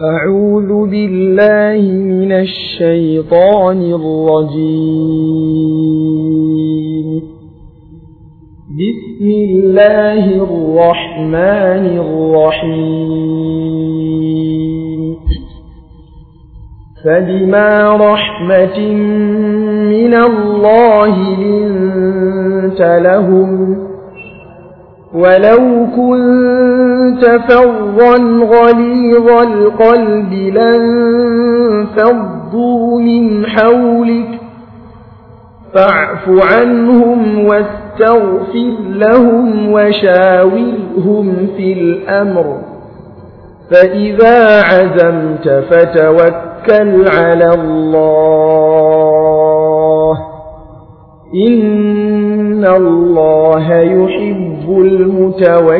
أعوذ بالله من الشيطان الرجيم بسم الله الرحمن الرحيم فبما رحمة من الله لنت لهم ولو كنت فظا غليظ القلب لانفضوا من حولك فاعف عنهم واستغفر لهم وشاورهم في الأمر فإذا عزمت فتوكل على الله إن إِنَّ اللَّهَ يُحِبُّ الْمُتَوَكِّلِينَ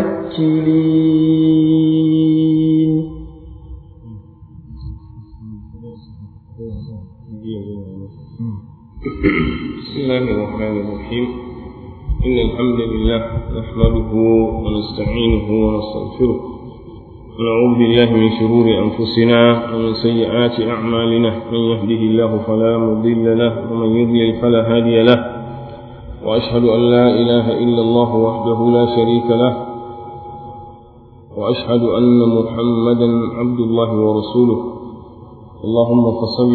بسم الله الرحمن الرحيم إن الحمد لله نحمده ونستعينه ونستغفره ونعوذ بالله من شرور أنفسنا ومن سيئات أعمالنا من يهده الله فلا مضل له ومن يضلل فلا هادي له وأشهد أن لا إله إلا الله وحده لا شريك له وأشهد أن محمدا عبد الله ورسوله اللهم فصل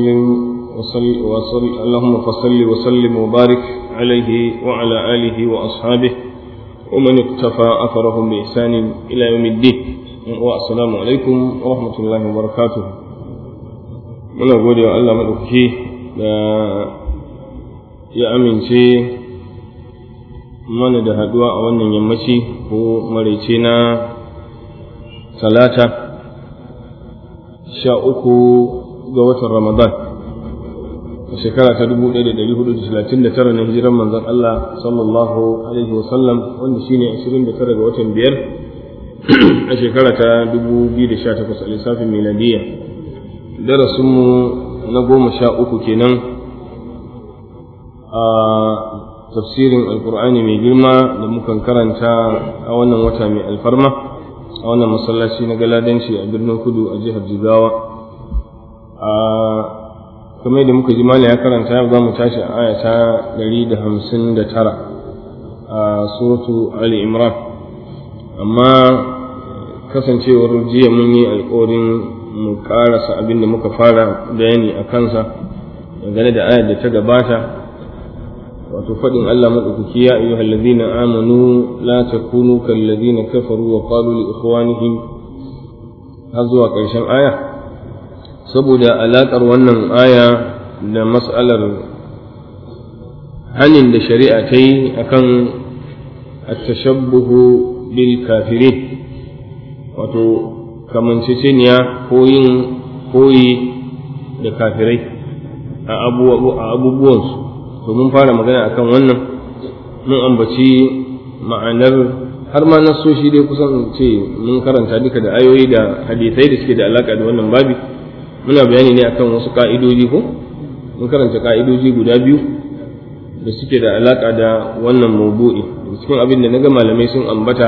وصل وصل اللهم فصل وسلم وبارك عليه وعلى آله وأصحابه ومن اقتفى أثرهم بإحسان إلى يوم الدين والسلام عليكم ورحمة الله وبركاته من أقول يا الله ملكي لا يا أمين شيء mana da haduwa a wannan yammaci ko maraice na talata sha uku ga watan ramadan a shekara ta dubu ɗaya da ɗari hudu da talatin da tara na hijiran manzan Allah sallallahu alaihi wasallam wanda shi ne ashirin da tara ga watan biyar a shekara ta dubu biyu da sha takwas a lissafin miladiyya darasinmu na goma sha uku kenan a tafsirin alkur'ani mai girma da muka karanta a wannan wata mai alfarma a wannan masallaci na galadanci a birnin kudu a jihar jigawa a kamar da muka ji ya karanta ya za mu tashi a aya ta 159 a suratu ali imran amma kasancewar jiya mun yi alkawarin mu karasa abin da muka fara bayani a kansa dangane da ayar da ta gabata wato faɗin Allah maɗaukaki ya ayyuha allazina amanu la takunu ladina kafaru wa qalu li ikhwanihim har zuwa ƙarshen aya saboda alaƙar wannan aya da mas'alar hanin da shari'a ta yi akan kan bil kafirin wato kamanceceniya ko yin koyi da kafirai a abubuwansu to mun fara magana akan wannan mun ambaci ma'anar har ma na so shi dai kusan ce mun karanta duka da ayoyi da hadisai da suke da alaka da wannan babi muna bayani ne akan wasu ka'idoji ko mun karanta ka'idoji guda biyu da suke da alaka da wannan maudu'i cikin abin da naga malamai sun ambata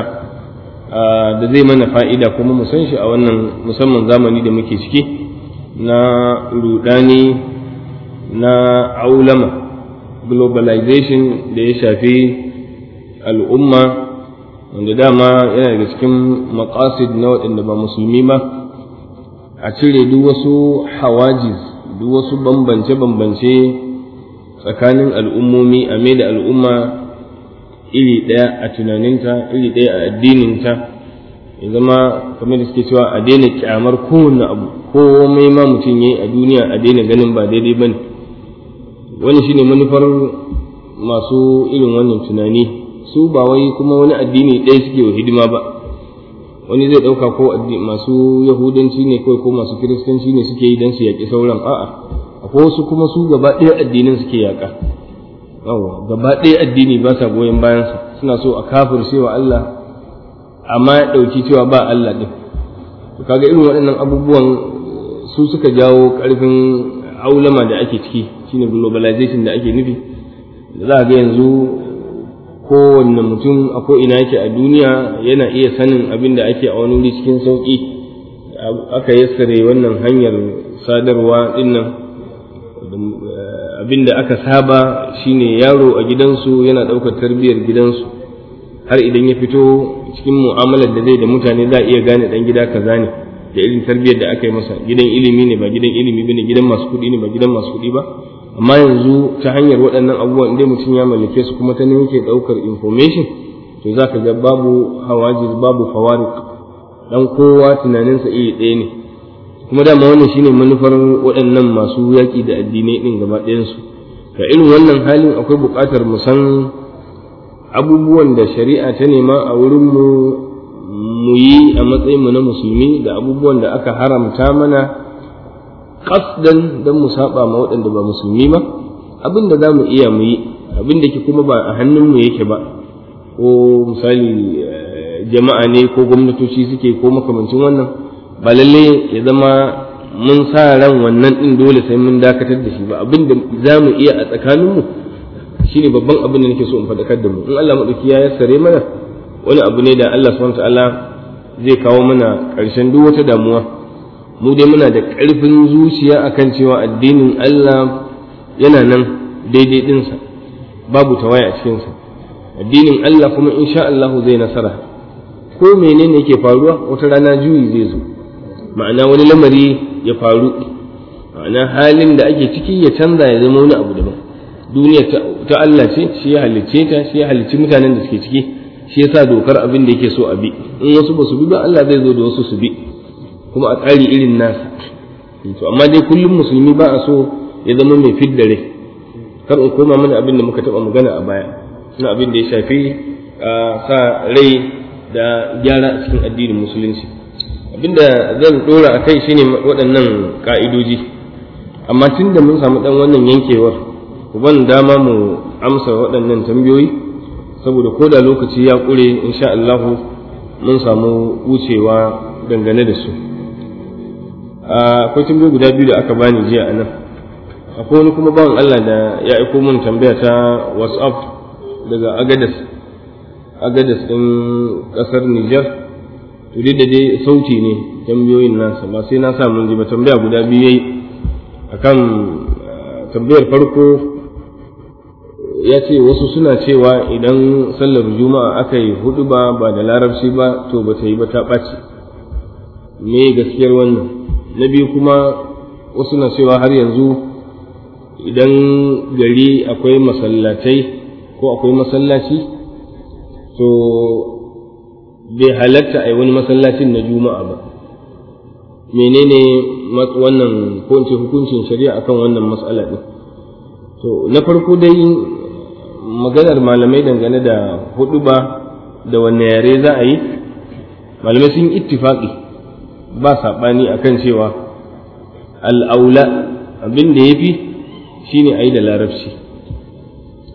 da zai mana fa'ida kuma mu san shi a wannan musamman zamani da muke ciki na rudani na aulama globalization da ya shafi al'umma wanda dama yana daga cikin maqasid na waɗanda ba musulmi ba a cire duk wasu hawajiz duk wasu bambance-bambance tsakanin al'ummomi a mai da al'umma iri ɗaya a tunaninta iri ɗaya a addininta ya zama kamar da suke cewa a daina kyamar kowane abu ko komai ma mutum ya yi a duniya a daina ganin ba daidai ba ne wani shine manufar masu irin wannan tunani su ba wai kuma wani addini ɗaya suke wa hidima ba wani zai ɗauka ko masu yahudanci ne kawai ko masu kiristanci ne suke yi don su yaƙi sauran a'a akwai wasu kuma su gaba ɗaya addinin suke yaƙa yawa gaba ɗaya addini ba sa goyon bayansa suna so a kafir cewa Allah amma ya ɗauki cewa ba Allah ɗin kaga irin waɗannan abubuwan su suka jawo ƙarfin aulama da ake ciki shine globalization da ake nufi za ga yanzu kowanne mutum a ina yake a duniya yana iya sanin abin da ake a wani wuri cikin sauƙi aka yassare wannan hanyar sadarwa dinnan abin da aka saba shine yaro a gidansu yana ɗaukar tarbiyyar gidansu har idan ya fito cikin mu'amalar da zai da mutane za a iya gane ɗan gida kaza ne da irin tarbiyyar da aka yi masa gidan ilimi ne ba gidan ilimi bane gidan masu kuɗi ne ba gidan masu kuɗi ba amma yanzu ta hanyar waɗannan abubuwan inda mutum ya mallake su kuma ta ne yake ɗaukar information to za ka ga babu hawajiz babu fawarik dan kowa tunaninsa iri ɗaya ne kuma dama wannan shine manufar waɗannan masu yaƙi da addinai ɗin gaba ɗayansu ga irin wannan halin akwai buƙatar mu san abubuwan da shari'a ta nema a wurin mu mu yi a matsayin mu na musulmi da abubuwan da aka haramta mana kasdan dan mu saba ma waɗanda ba musulmi ba abin da za mu iya mu yi abin da ke kuma ba a hannun mu yake ba ko misali eh, jama'a ne ko gwamnatoci suke ko makamancin wannan ba lalle ya zama mun sa ran wannan din dole sai mun dakatar da shi ba abin da za mu iya a tsakaninmu shine babban abin da nake so in faɗakar da mu in Allah maɗauki ya yassare mana wani abu ne da Allah subhanahu wa zai kawo mana ƙarshen duk wata damuwa mu dai muna da ƙarfin zuciya a kan cewa addinin Allah yana nan daidai ɗinsa babu waya a cikinsa addinin Allah kuma insha Allah zai nasara ko menene yake faruwa wata rana juyi zai zo ma'ana wani lamari ya faru ma'ana halin da ake ciki ya canza ya zama wani abu daban duniya ta Allah ce shi ya halicce ta shi ya halicci mutanen da suke ciki shi ya sa dokar abin da yake so a bi in wasu ba su bi ba Allah zai zo da wasu su bi kuma a tsari irin nasa to amma dai kullum musulmi ba a so ya zama mai fidda rai kar in koma mana abin da muka taba magana a baya na abin da ya shafi a sa rai da gyara a cikin addinin musulunci abinda zan dora shi shine waɗannan ka'idoji amma tun da mun samu ɗan wannan yankewar ban dama mu amsa waɗannan tambayoyi saboda ko da lokaci ya ƙure insha Allah mun samu wucewa dangane da su akwai tambayoyi guda biyu da aka bani jiya a nan akwai wani kuma ban Allah da ya aiko mun tambaya ta whatsapp daga agadas agadas ɗin ƙasar Nijar to da dai sauti ne tambayoyin nasa ba sai na sa mun ji ba tambaya guda biyu yayi akan ah, tambayar farko ya ce wasu suna cewa idan sallar juma'a aka yi hudu ba ba da larabci ba to ba ta yi ba ta ɓaci me gaskiyar wannan na biyu kuma wasu na cewa har yanzu idan gari akwai masallatai ko akwai masallaci to bai halatta a yi wani masallacin na juma'a ba menene wannan ko ce hukuncin shari'a akan wannan matsala ɗin to na farko dai maganar malamai dangane da hudu ba da wanne yare za a yi malamai sun ittifaƙi ba saɓani akan cewa al'aula abin da ya fi shi a yi da larabci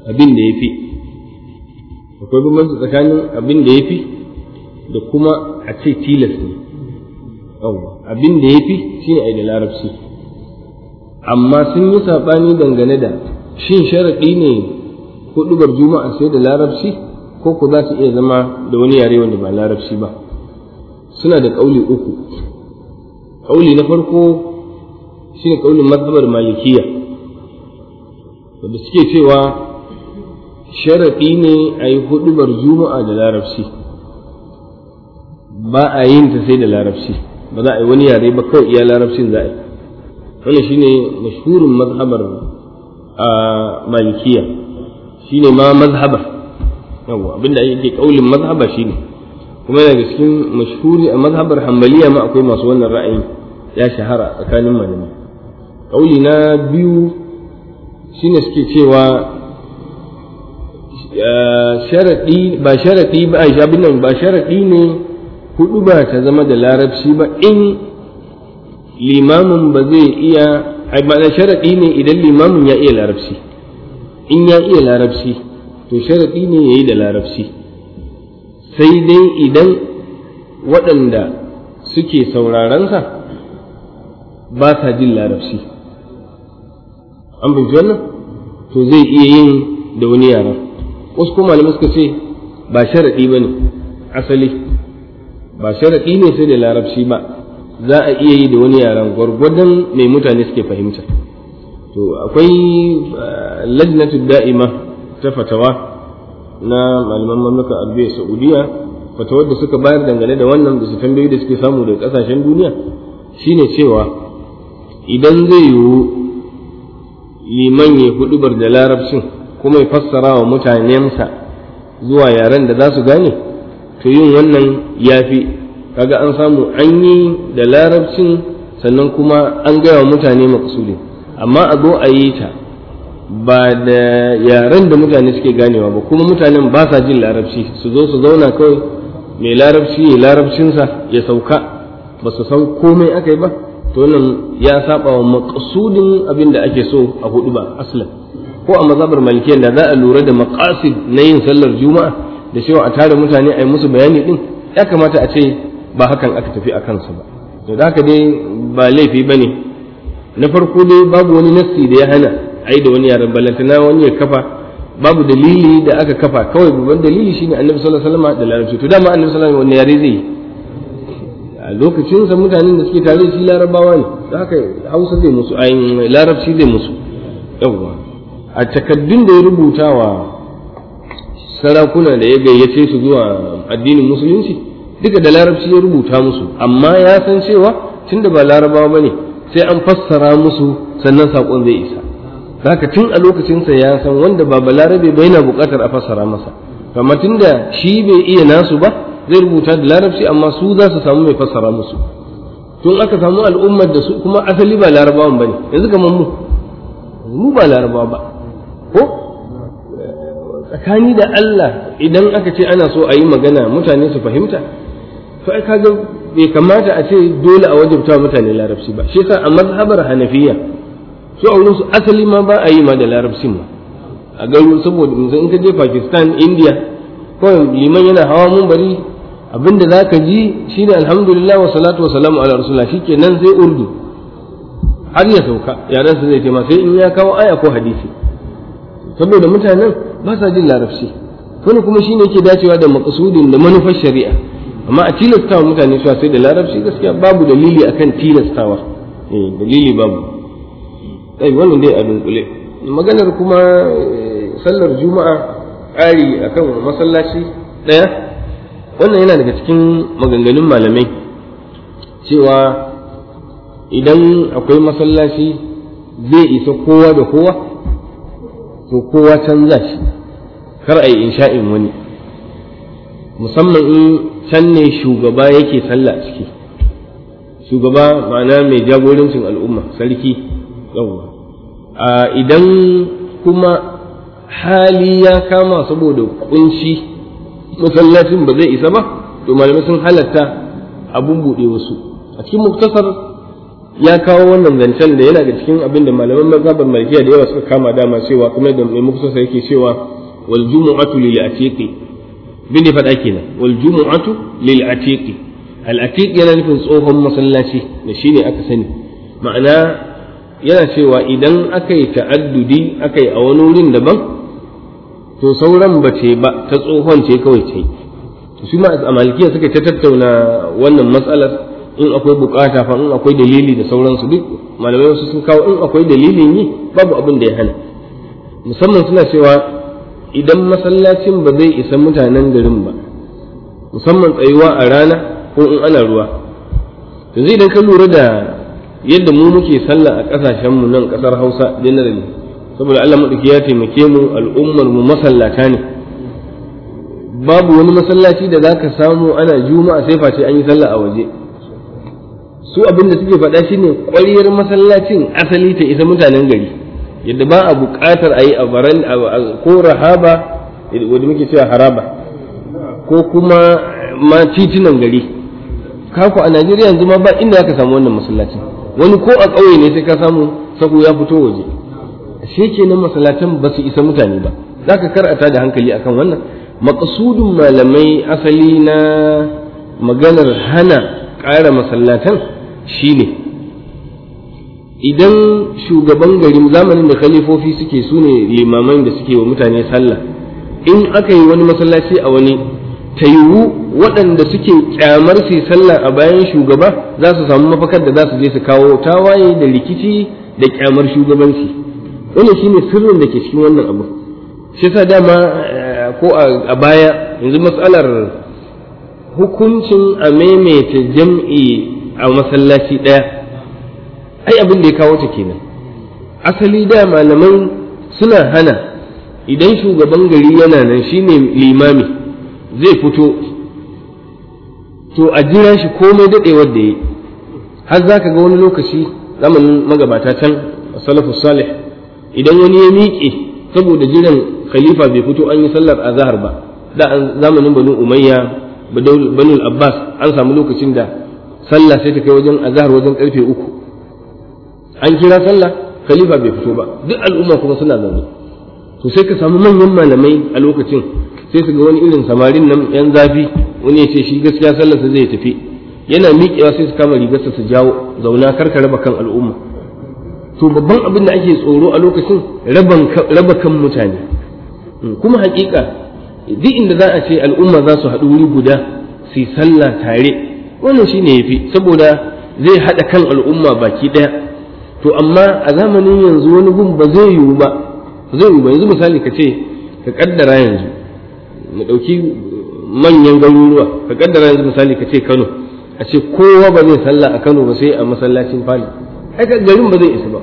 abin da ya fi akwai bambanci tsakanin abin da ya fi da kuma a ce tilas ne abin da ya fi shi a yi da larabci amma sun yi saɓani dangane da shin sharaɗi ne ko huɗubar juma'a sai da larabci ko ku za su iya zama da wani yare wanda ba larabci ba suna da ƙauli uku ƙauli na farko shine ƙaulin mazhabar malikiya wanda suke cewa sharaɗi ne a yi hudubar juma'a da larabci ba a yin ta sai da larabci ba za a yi wani yare ba kawai iya larabcin za a yi wannan shine mashhurin mazhabar a malikiya shine ma mazhaba yawa abinda ake kaulin mazhaba shine kuma da cikin mashhuri a mazhabar hanbaliya ma akwai masu wannan ra'ayin ya shahara tsakanin malamai kauli na biyu shine suke cewa sharaɗi ba sharaɗi ba a abin nan ba sharaɗi ne hudu ba ta zama da larabci ba in limamin ba zai iya ma'ana sharaɗi ne idan limamin ya iya larabci in ya iya larabci to sharaɗi ne ya yi da larabci sai dai idan waɗanda suke saurarensa ba sa jin larabci an fahimci wannan to zai iya yin da wani yara wasu kuma malamai suka ce ba sharaɗi ba ne asali ba sharaɗi ne sai da larabci ba za a iya yi da wani yaran gwargwadon mai mutane suke fahimta to akwai eh, lajnatu da'ima ta fatawa na malaman mamlaka arabiya saudiya fatawar wadda suka bayar dangane da wannan da su tambayi da suke samu daga kasashen duniya shine cewa idan zai yi liman ya hudubar da larabcin kuma ya fassara wa mutanensa zuwa yaren da za su gane to yin wannan yafi kaga an samu an yi da larabcin sannan kuma an gaya wa mutane maksudin amma a zo a yi ta ba da yaren da mutane suke ganewa ba kuma mutanen ba sa jin larabci su zo su zauna kawai mai larabci ya larabcinsa ya sauka ba su san komai aka yi ba to wannan ya saba wa maqsudin abin da ake so a hudu ba asalin. ko a mazabar malikiyar da za a lura da maqasid na yin sallar juma'a da cewa a tare mutane a yi musu bayani din ya kamata a ce ba hakan aka tafi a kansu ba to da haka dai ba laifi ba ne, na farko dai babu wani nassi da ya hana ai da wani yaren ballantana wani ya kafa babu dalili da aka kafa kawai babban dalili shine annabi sallallahu alaihi wasallam da larabci to dama annabi sallallahu alaihi wasallam wani yare zai yi a lokacin sa mutanen da suke tare shi larabawa ne da haka hausa zai musu ayin larabci zai musu yawwa a takaddun da ya rubuta wa sarakuna da ya gayyace su zuwa addinin musulunci duka da larabci ya rubuta musu amma ya san cewa tunda ba larabawa bane sai an fassara musu sannan sakon zai isa zaka tun a lokacinsa ya san wanda ba balarabe ba yana buƙatar a fassara masa amma da shi bai iya nasu ba zai rubuta da larabci amma su za su samu mai fassara musu tun aka samu al'ummar da su kuma asali ba larabawan ba ne yanzu kamar mu mu ba larabawa ba ko tsakani da Allah idan aka ce ana so a yi magana mutane su fahimta to ai kaga bai kamata a ce dole a wajibta mutane larabci ba shi yasa a mazhabar hanafiya su a su asali ma ba a yi ma da larabcin ma a garu saboda yanzu in ka je pakistan india kawai liman yana hawa mun bari abinda za ka ji shi ne alhamdulillah wa salatu wa salamu ala rasulullah shi ke nan sai urdu har ya sauka yaran su zai ma sai in ya kawo aya ko hadisi saboda mutanen ba sa jin larabci wani kuma shi ne ke dacewa da makasudin da manufar shari'a amma a tilastawa mutane su sai da larabci gaskiya babu dalili akan tilastawa eh dalili babu ai wannan dai a dunkule maganar kuma eh, sallar juma'a ƙari akan masallaci ɗaya wannan yana daga cikin maganganun malamai cewa idan akwai masallaci zai isa kowa da kowa ko kowa canza shi kar a yi insha'in wani musamman in can ne shugaba yake sallah ciki shugaba ma'ana mai jagorancin al'umma sarki yawwa idan kuma hali ya kama saboda kunshi masallacin ba zai isa ba to malamai sun halatta abun buɗe wasu a cikin muktasar ya kawo wannan zancen da yana ga cikin abin da malaman mazhabar malikiya da yawa suka kama dama cewa kuma da mai muktasar yake cewa wal jumu'atu lil atiqi bin da faɗa kenan wal jumu'atu lil atiqi al atiqi yana nufin tsohon masallaci da shine aka sani ma'ana yana cewa idan aka yi ta'addudi aka yi a wani wurin daban to sauran ba ce ba ta tsohon ce kawai ce to shi ma a malikiya suka ta tattauna wannan matsalar in akwai bukata fa in akwai dalili da sauransu duk malamai wasu sun kawo in akwai dalilin yi babu abin da ya hana musamman suna cewa idan masallacin ba zai isa mutanen garin ba musamman tsayuwa a rana ko in ana ruwa yanzu idan ka lura da yadda mu muke sallah a kasashen mu nan kasar Hausa generally saboda Allah madauki ya taimake mu al'ummar mu masallata ne babu wani masallaci da zaka samu ana juma'a sai face an yi sallah a waje su abin da suke faɗa shine ƙwariyar masallacin asali ta isa mutanen gari yadda ba a buƙatar a yi a baran ko rahaba wadda muke cewa haraba ko kuma ma titunan gari Kako a Najeriya yanzu ma ba inda aka samu wannan masallacin wani ko a ƙauye ne sai ka samu sako ya fito waje shi nan masalatan ba su isa mutane ba za ka karata da hankali akan wannan maƙasudin malamai asali na maganar hana ƙara masallatan shine idan shugaban gari zamanin da khalifofi suke su ne limaman da suke wa mutane sallah in aka yi wani masallaci a wani ta waɗanda suke kyamar su sallah a bayan shugaba za su samu mafakar da za su je su kawo tawaye da rikici da ƙyamar shugabanci shi shine sirrin da ke cikin wannan abu shi sa dama eh, ko a baya yanzu matsalar hukuncin a maimaita jam'i a masallaci ɗaya ai abin da ya kawo ta kenan asali da malaman suna hana idan shugaban gari yana nan shine limami zai fito to a jira shi komai daɗewar da yi har za ka ga wani lokaci zamanin magabata can salafu salih idan wani ya miƙe saboda jiran khalifa bai fito an yi sallar azahar ba da zamanin banu umayya banu abbas an samu lokacin da sallah sai ta kai wajen azahar wajen karfe uku an kira sallah khalifa bai fito ba duk al'umma kuma suna zaune to sai ka samu manyan malamai a lokacin sai su ga wani irin samarin nan yan zafi wani ya ce shi gaskiya sallarsa zai tafi yana miƙewa sai su kama rigarsa su jawo zauna karka raba kan al'umma to babban abin da ake tsoro a lokacin raba kan mutane hmm, kuma hakika duk inda za a ce al'umma za su haɗu wuri guda su sallah tare wannan ya fi, saboda zai haɗa kan al'umma baki ɗaya to amma a zamanin yanzu wani gun ba zai yiwu ba zai yiwu ba yanzu misali ka ce ka ƙaddara yanzu mu ɗauki manyan garuruwa ka kaddara yanzu misali ka ce kano a ce kowa ba zai sallah a kano ba sai a masallacin fali ai garin ba zai isa ba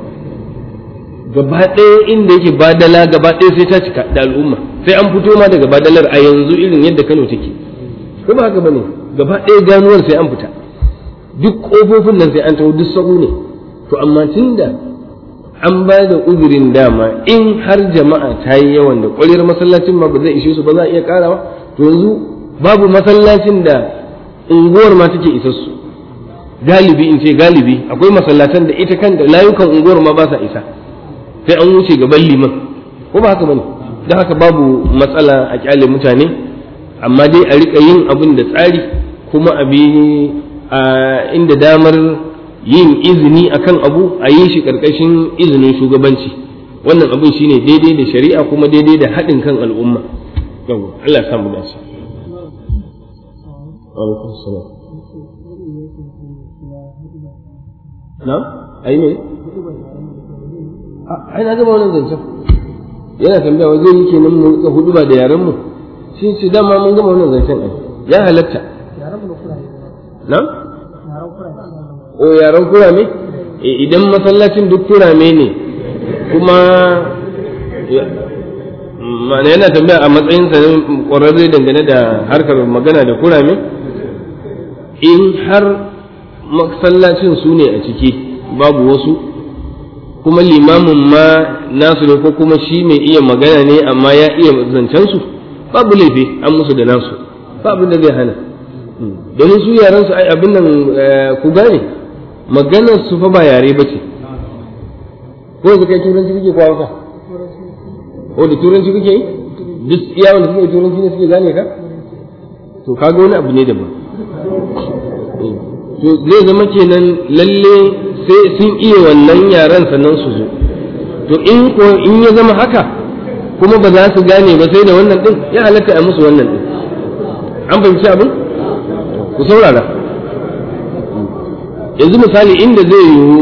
gaba ɗaya inda yake badala gaba ɗaya sai ta cika da al'umma sai an fito ma daga badalar a yanzu irin yadda kano take ko ba haka ba ne gaba ɗaya ganuwar sai an fita duk ƙofofin nan sai an taho duk sauro ne to amma tun da an ba da uzurin dama in har jama'a ta yi yawan da ƙwariyar masallacin ma ba zai ishe su ba za a iya karawa. to yanzu babu masallacin da unguwar ma take isa su galibi in ce galibi akwai masallatan da ita kan da layukan unguwar ma ba sa isa sai an wuce gaban liman ko ba haka bane don haka babu matsala a kyale mutane amma dai a riƙa yin abin da tsari kuma a bi inda damar yin izini a kan abu a yi shi ƙarƙashin izinin shugabanci wannan abin ne daidai da shari'a kuma daidai da haɗin kan al'umma Allah samu dace alaikum salam na ai ne ai na gaba wannan zancen yana tambaya wa zai yi nan mu hudu ba da yaren mu shi shi dama mun gama wannan zancen ai ya halatta yaren mu na o yaran kurame eh, idan masallacin duk kurame ne kuma ma'ana yana tambaya a matsayin sa ƙwararre dangane da harkar magana da kurame in har masallacin su ne a ciki babu wasu kuma limamin ma nasu ne ko kuma shi mai iya magana ne amma ya iya zancen su babu laifi an musu da nasu babu da zai hana hmm, domin su yaran su ai abin nan eh, ku gane maganar su fa ba yare ba ce ko yanzu kai turanci kuke kwa ka ko da turanci kuke yi duk iya wanda suke turanci ne suke gane ka to kaga wani abu ne daban to zai zama kenan lalle sai sun iya wannan yaren sannan su zo to in ko in ya zama haka kuma ba za su gane ba sai da wannan din ya halatta a musu wannan din an fahimci abin ku saurara yanzu misali inda zai yiwu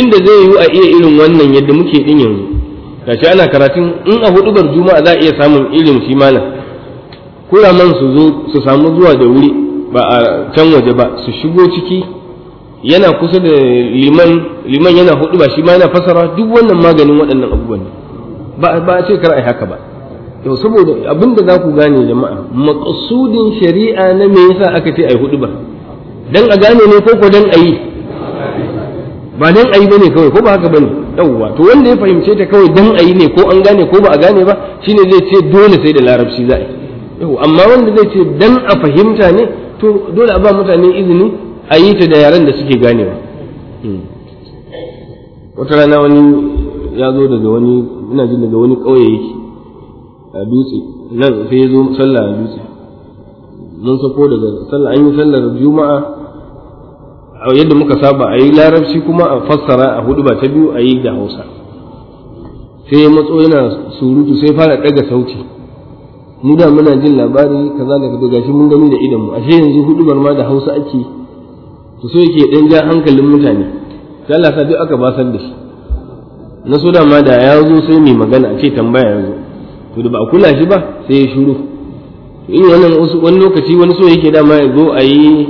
inda zai yiwu a iya irin wannan yadda muke din yanzu gashi ana karatun in a hudubar juma'a za a iya samun irin shi malam man su zo su samu zuwa da wuri ba a can waje ba su shigo ciki yana kusa da liman liman yana hudu ba shi ma yana fasara duk wannan maganin waɗannan abubuwan ba ba ce kar haka ba to saboda abinda za ku gane jama'a maqsudin shari'a na me yasa aka ce ai hudu ba dan a gane ne ko ko dan ayi? ba dan ayi bane kawai ko ba haka bane yawwa to wanda ya fahimce ta kawai dan ayi ne ko an gane ko ba a gane ba shine zai ce dole sai da larabci za a yawwa amma wanda zai ce dan a fahimta ne to dole a ba mutane izini a yi ta da yaren da suke ganewa hmm. wata rana wani ya zo daga wani ina jin daga wani ƙauye yake a dutse nan sai ya zo sallah a dutse mun sako daga sallah an yi sallar juma'a a yadda muka saba a yi larabci kuma a fassara a hudu ba ta biyu a yi da hausa sai ya matso yana surutu sai fara ɗaga sauti mu da muna jin labari kaza daga daga shi mun gani da idan mu ashe yanzu bar ma da hausa ake to so yake dan ja hankalin mutane sai Allah sai duk aka basar da shi na so da ma da ya zo sai mai magana a ce tambaya yanzu to da ba a kula shi ba sai ya shiru irin wannan wani lokaci wani so yake dama ya zo a yi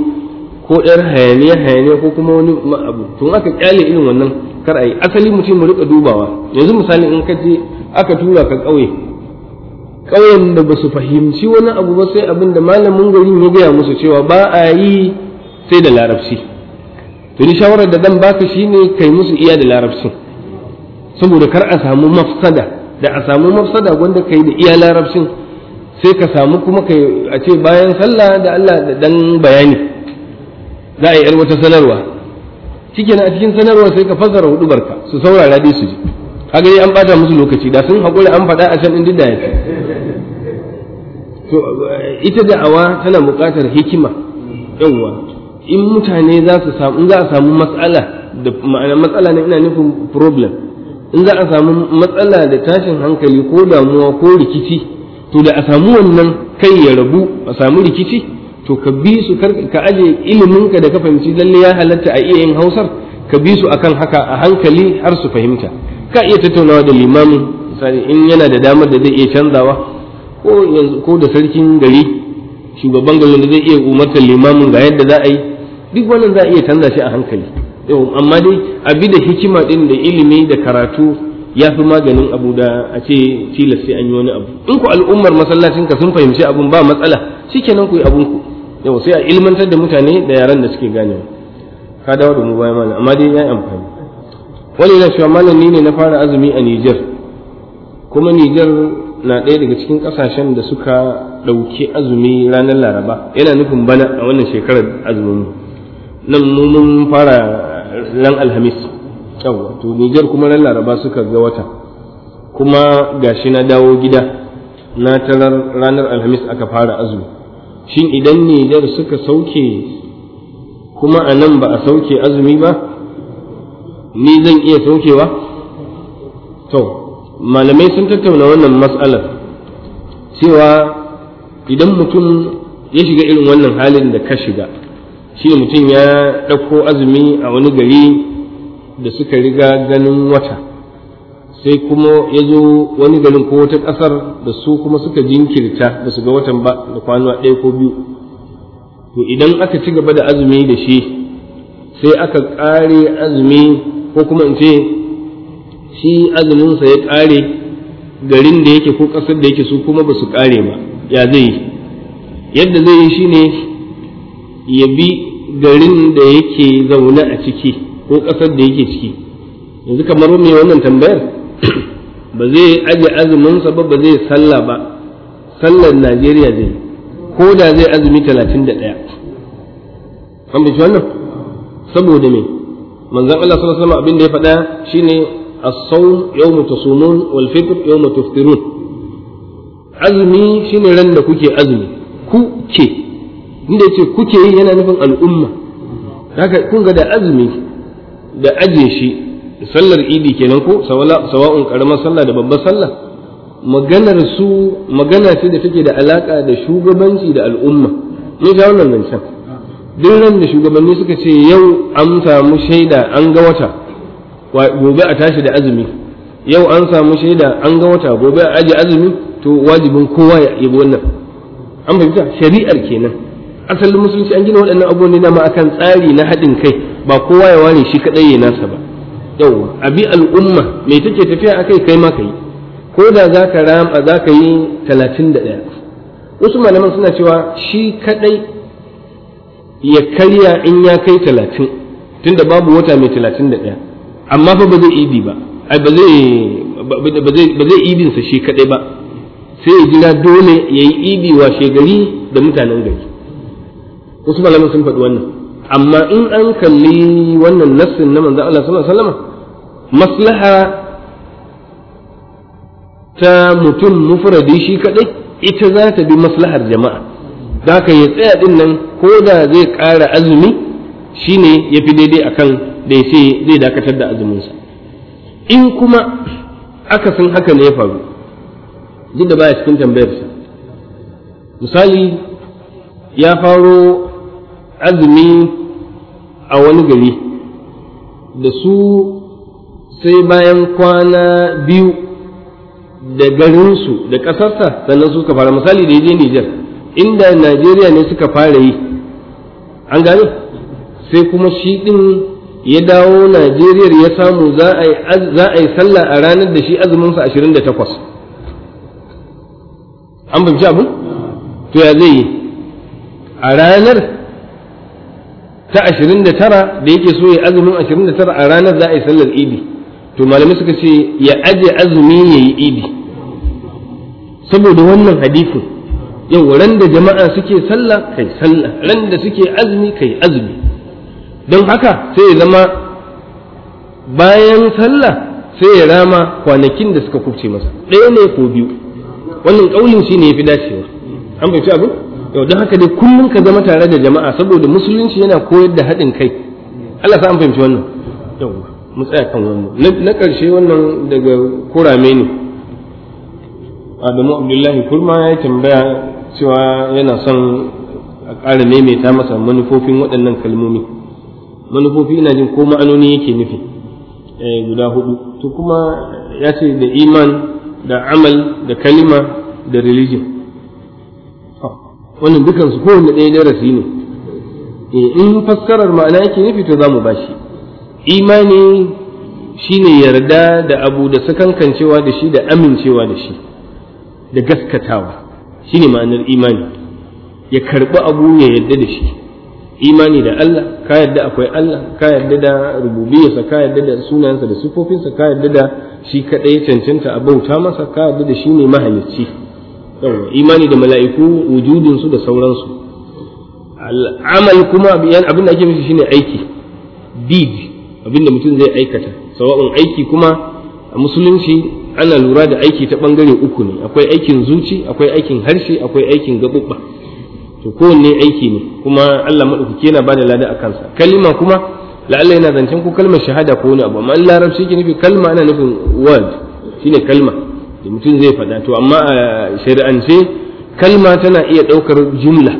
ko ɗar hayaniya hayaniya ko kuma wani abu tun aka kyale irin wannan kar a yi asali ce mu rika dubawa yanzu misali in ka je aka tura ka ƙauye ƙauyen da ba su fahimci wani abu ba sai abin da malamin garin ya gaya musu cewa ba a yi sai da larabci to ni shawarar da zan baka ne kai musu iya da larabcin saboda kar a samu mafsada da a samu mafsada wanda kai da iya larabcin sai ka samu kuma ka a ce bayan sallah da Allah da dan bayani za a yi yar wata sanarwa cikin a cikin sanarwa sai ka fassara hudu barka su saurara dai su ji kaga an bata musu lokaci da sun hakuri an faɗa a can din da yake to ita da'awa tana buƙatar hikima yawwa in mutane za su samu in za a samu matsala da ma'ana matsala ne ina nufin problem in za a samu matsala da tashin hankali ko damuwa ko rikici to da a samu wannan kai ya rabu a samu rikici to ka bi su ka aje iliminka da ka fahimci lalle ya halatta a iya yin hausar ka bi su akan haka a hankali har su fahimta ka iya tattaunawa da limamin misali in yana da damar da zai iya canzawa ko da sarkin gari shugaban garin da zai iya umartar limamin ga yadda za a yi duk wannan za a iya canza shi a hankali amma dai abi da hikima din da ilimi da karatu ya fi maganin abu da a ce tilas sai an yi wani abu in ku al'ummar masallacin ka sun fahimci abun ba matsala shikenan ku yi abun yau sai a ilmantar da mutane da yaran da suke ganewa ka dawo da mu baya mana amma dai ya yi amfani wani na shiwa malam ni ne na fara azumi a Nijar, kuma Nijar na ɗaya daga cikin ƙasashen da suka ɗauki azumi ranar Laraba yana nufin bana a wannan shekarar azumin nan mu mun fara ran Alhamis yawa to Nijar kuma ran Laraba suka ga wata kuma gashi na dawo gida na tarar ranar Alhamis aka fara azumi shin idan Nijar suka sauke kuma a nan ba a sauke azumi ba ni zan iya saukewa to malamai sun tattauna wannan mas'alar cewa idan mutum ya shiga irin wannan halin da ka shiga shi mutum ya ɗauko azumi a wani gari da suka riga ganin wata sai kuma ya zo wani garin ko wata ƙasar da su kuma suka jinkirta ba su ga watan ba da kwanuwa ɗaya ko biyu to idan aka ci gaba da azumi da shi sai aka ƙare azumi ko kuma in ce shi azuminsa ya ƙare garin da yake ko ƙasar da yake su kuma ba su ƙare ba ya zai yi yadda zai yi shine ya bi garin da yake zaune a ciki ko ƙasar da yake ciki yanzu kamar mai wannan tambayar ba zai aje azuminsa ba ba zai sallah ba sallar najeriya zai ko da zai azumi talatin da ɗaya an bishi wannan saboda me manzan allah sallallahu alaihi abin da ya faɗa shine as-sawm yawmu tasumun wal fitr yawmu tuftirun azumi shine ran da kuke azumi ku ke inda yace kuke yana nufin al'umma haka kun ga da azumi da aje shi sallar idi kenan ko sawa'un karamar sallah da babbar sallah maganar su magana ce da take da alaka da shugabanci da al'umma ne ga wannan can. duk ran da shugabanni suka ce yau an samu shaida an ga wata gobe a tashi da azumi yau an samu shaida an ga wata gobe a aje azumi to wajibin kowa ya yi wannan an fahimta shari'ar kenan asalin musulunci an gina waɗannan abubuwan ne ma akan tsari na haɗin kai ba kowa ya ware shi kadai ya nasa ba yau abi al'umma mai take tafiya akai kai ma kai ko da za ka rama za ka yi talatin da ɗaya wasu malaman suna cewa shi kadai ya karya in ya kai talatin tunda babu wata mai talatin da ɗaya amma fa ba zai idi ba ai ba zai ba zai sa shi kadai ba sai ya jira dole ya yi idi wa shegari da mutanen gari wasu malaman sun faɗi wannan amma in an kalli wannan nassin na manzo Allah sallallahu alaihi wasallam maslaha ta mutum mufradi shi kadai ita za ta bi maslahar jama'a da ka ya tsaya din nan ko da zai ƙara azumi shine ya fi daidai akan da ya zai dakatar da azuminsa in kuma san haka ne ya faru duk da baya cikin tambayarsa misali ya faro azumi a wani gari da su sai bayan kwana biyu da garinsu da ƙasarsa sannan suka fara misali da ya Nijar inda Najeriya ne suka fara yi an gane sai kuma shi ɗin ya dawo Najeriya ya samu za a yi sallah a ranar da shi azuminsa ashirin da takwas an fahimci abin to ya zai yi a ranar ta 29 da yake so ya azumin 29 a ranar za a yi sallar idi to malamai suka ce ya aje azumi ya yi idi saboda wannan hadisin yau ran da jama'a suke sallah kai sallah ran da suke azumi kai azumi don haka sai ya zama bayan sallah sai ya rama kwanakin da suka kufce masa ɗaya ne ko biyu wannan ƙaunin shi ne ya fi dacewa an fahimci abin yau don haka dai kullum ka zama tare da jama'a saboda musulunci yana koyar da haɗin kai Allah sa an fahimci wannan yau mu tsaya kan wannan na ƙarshe wannan daga kurame ne Adamu Abdullahi kurma ya tambaya cewa yana son a ƙara maimaita masa manufofin waɗannan kalmomi manufofi ina jin ko ma'anoni yake nufi eh, guda hudu to kuma ya ce da iman da amal da kalima da religion wannan dukansu kowanne ɗaya darasi ne eh, in fassarar ma'ana yake nufi to za mu shi imani shine yarda da abu da sakankancewa da shi da amincewa da shi da gaskatawa shine ma'anar imani ya karɓi abu ya yarda da shi imani da Allah ka yarda akwai Allah ka yarda da rububiyarsa ka yarda da sunayensa da sifofinsa ka yarda da shi kaɗai, cancanta a bauta masa ka yarda da shi ne mahalicci imani da mala'iku wujudin su da sauransu al'amal kuma abin da ake nufi shine aiki deed abin da mutum zai aikata sawa'un aiki kuma a musulunci ana lura da aiki ta bangare uku ne akwai aikin zuci akwai aikin harshe akwai aikin gabubba to kowanne aiki ne kuma Allah madaukake yana bada lada a kansa kalima kuma la'alla yana zancen ko kalmar shahada ko wani abu amma larabci ke nufi kalma ana nufin word shine kalma da mutum zai faɗa to amma a shari'ance kalma tana iya ɗaukar jumla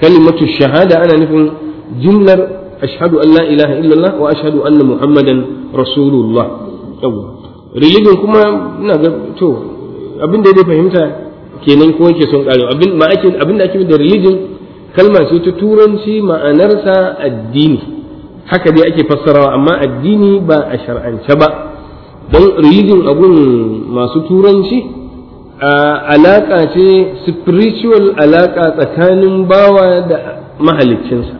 kalmatu shahada ana nufin jumlar ashhadu an la ilaha illallah wa ashhadu anna muhammadan rasulullah yawwa religion kuma ina ga to abin da dai fahimta kenan ko yake son karewa abin ma ake abin da ake da religion kalma ce ta turanci ma'anarsa addini haka dai ake fassarawa amma addini ba a shar'ance ba don reading abun masu turanci alaƙa ce spiritual alaƙa tsakanin bawa da mahaliccinsa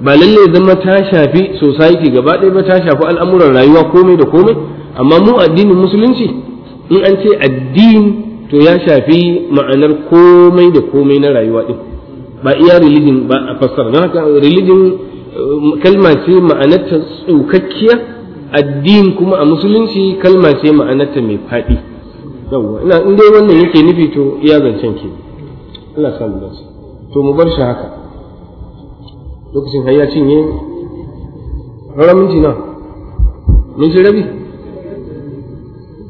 ba lalle zama ta shafi society gaba ɗaya ba ta shafi al'amuran rayuwa komai da komai amma mu addinin musulunci in an ce addini to ya shafi ma'anar komai da komai na rayuwa ɗin ba iya religion ba a fassara na haka religion eh, kalma ce ma'anarta tsukakkiya addin kuma a musulunci kalma ce ma'anarta mai faɗi yawwa ina in dai wannan yake nufi to iya zancen ke Allah sa mu dace to mu bar shi haka lokacin har ya cinye har minti na mun ji rabi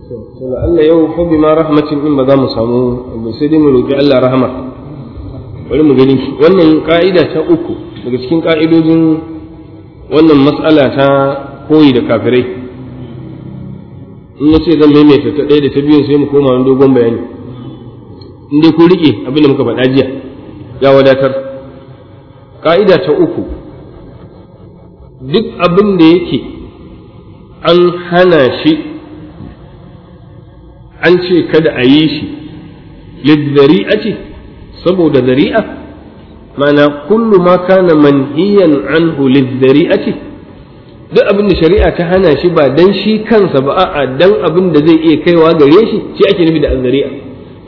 to Allah yau ko bi ma rahmatin in ba za mu samu ba sai dai mu roki Allah rahama bari mu gani wannan ka'ida ta uku daga cikin ka'idojin wannan mas'ala ta koyi da kafirai in na ce zan maimaita ta ɗaya da ta biyun sai mu koma wani dogon bayani in dai ku riƙe abin muka faɗa jiya ya wadatar ƙa'ida ta uku duk abin da yake an hana shi an ce kada a yi shi a ce saboda zari'a mana kullu ma kana manhiyan anhu a ce duk abin da shari'a ta hana shi ba dan shi kansa ba a'a dan abin da zai iya kaiwa gare shi shi ake nufi da azari'a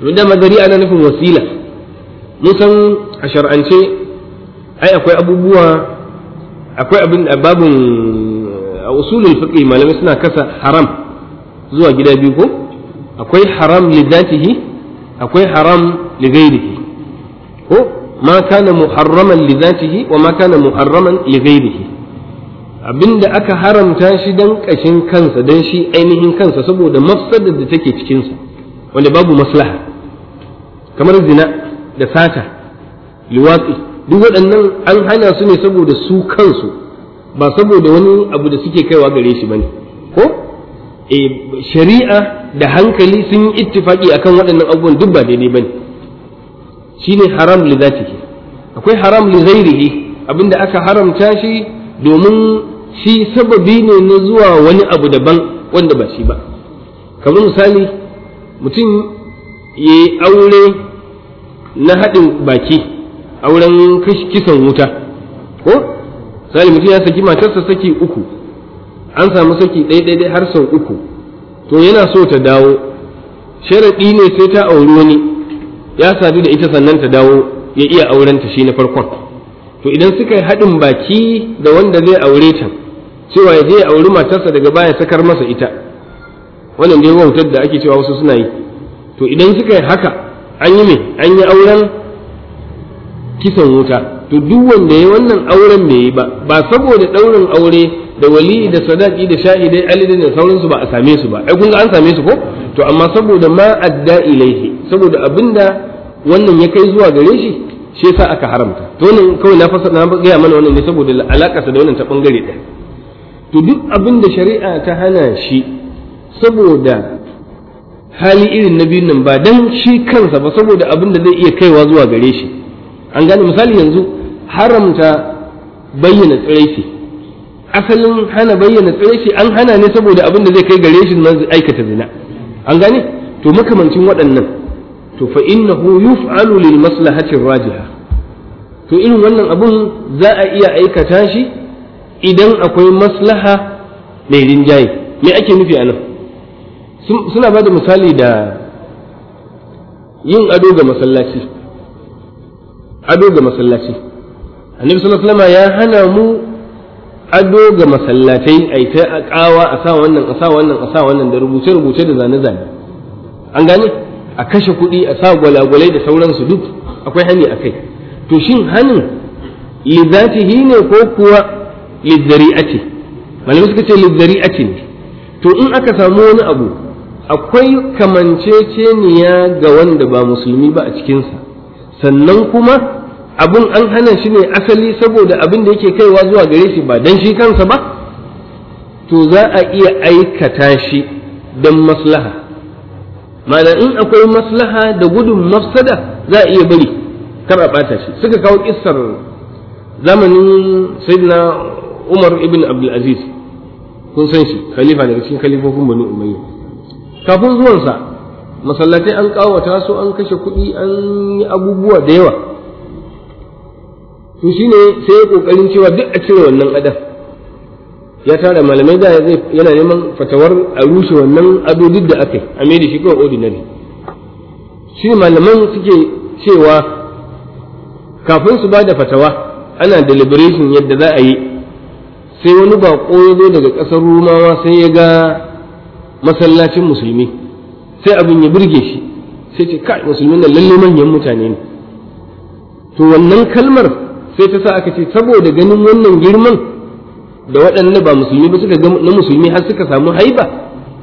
to dama zari'a na nufin wasila mun san a shar'ance ai akwai abubuwa akwai abin babin a usulul fiqh malamai suna kasa haram zuwa gida biyu ko akwai haram lidatihi akwai haram ghairihi ko ma kana muharraman lidatihi wa ma kana muharraman ghairihi abinda aka haramta shi dan kashin kansa dan shi ainihin kansa saboda mafsadar da take sa wanda babu maslaha kamar zina da sata liwatsi duk waɗannan an hana su ne saboda su kansu ba saboda wani abu da suke kaiwa gare shi bane ko e shari'a da hankali sun yi ittifaki akan waɗannan abubuwan duk ba daidai bane shine haram li zatihi akwai haram li ghairihi abinda aka haramta shi domin shi sababi ne na zuwa wani abu daban wanda ba shi ba kamar misali mutum ya yi aure na haɗin baki auren kisan wuta ko misali mutum ya saki matarsa saki uku an samu saki ɗaiɗaiɗai har sau uku to yana so ta dawo sharaɗi ne sai ta auri wani ya sadu da ita sannan ta dawo ya iya aurenta shi na farkon to idan suka yi haɗin baki da wanda zai aure ta cewa ya je ya auri matarsa daga baya sakar masa ita wannan dai wautar da ake cewa wasu suna yi to idan suka yi haka an yi mai an yi auren kisan wuta to duk wanda ya wannan auren bai yi ba ba saboda ɗaurin aure da wali da sadaki da sha'idai alidin da sauransu ba a same su ba ai kun ga an same su ko to amma saboda ma adda ilaihi saboda abinda wannan ya kai zuwa gare shi shi yasa aka haramta to wannan kawai na fasa na ga mana wannan ne saboda alakarsa da wannan ta bangare ɗaya to duk abin da shari'a ta hana shi saboda hali irin na biyun nan ba dan shi kansa ba saboda abin da zai iya kaiwa zuwa gare shi an gane misali yanzu haramta bayyana tsiraici asalin hana bayyana tsiraici an hana ne saboda abin da zai kai gare shi zai aikata zina an gane to makamancin waɗannan to fa innahu yuf'alu lil maslahati rajiha to irin wannan abun za a iya aikata shi idan akwai maslaha mai rinjaye me ake nufi a nan suna ba da misali da yin ado ga masallaci ado ga masallaci annabi sallallahu alaihi ya hana mu ado ga masallatai a ta kawa a sa wannan a sa wannan a sa wannan da rubuce rubuce da zane zane an gane a kashe kuɗi a sa gwalagwalai da sauransu duk akwai hani a kai to shin hanin hi ne ko kuwa ce malamai suka ce lizzari'ati ne to in aka samu wani abu akwai kamanceceniya ga wanda ba musulmi ba a cikinsa sannan kuma abin an hana shi ne asali saboda abin da yake kaiwa zuwa gare shi ba dan shi kansa ba to za a iya aikata shi don maslaha mana in akwai maslaha da gudun mafsada za a iya bari kar a ɓata shi suka kawo kissar zamanin sayyidina umar ibn abdul aziz kun san shi khalifa daga cikin khalifofin bani umayya kafin zuwansa masallatai an kawata su an kashe kuɗi an yi abubuwa da yawa to shine sai ya kokarin cewa duk a cire wannan adam ya tara malamai da zai yana neman fatawar a rushe wannan duk da aka yi a mai da shi kawai ordinary shi malaman suke cewa kafin su ba da fatawa ana deliberation yadda za a yi sai wani bako ya zo daga ƙasar rumawa sai ya ga masallacin musulmi sai abin ya birge shi sai ce kai musulmin na lalle manyan mutane ne to wannan kalmar sai ta sa aka ce saboda ganin wannan girman da waɗanda ba musulmi ba suka ga na musulmi har suka samu haiba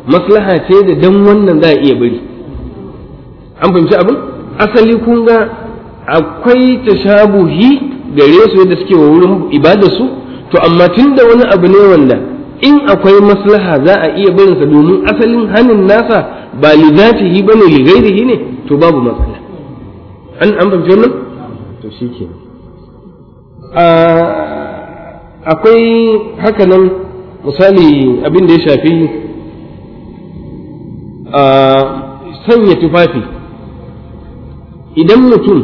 maslaha ce da dan wannan za a iya bari an fahimci abin asali kun ga akwai tashabuhi gare su yadda suke wa wurin ibada su to amma tunda wani abu ne wanda in akwai maslaha za a iya barinsa domin asalin hanin nasa ba li zatihi ba ne li ghairihi ne to babu matsala an an fahimci wannan to shi shikenan ah, akwai hakanan misali abin da ya shafi a sanya tufafi idan mutum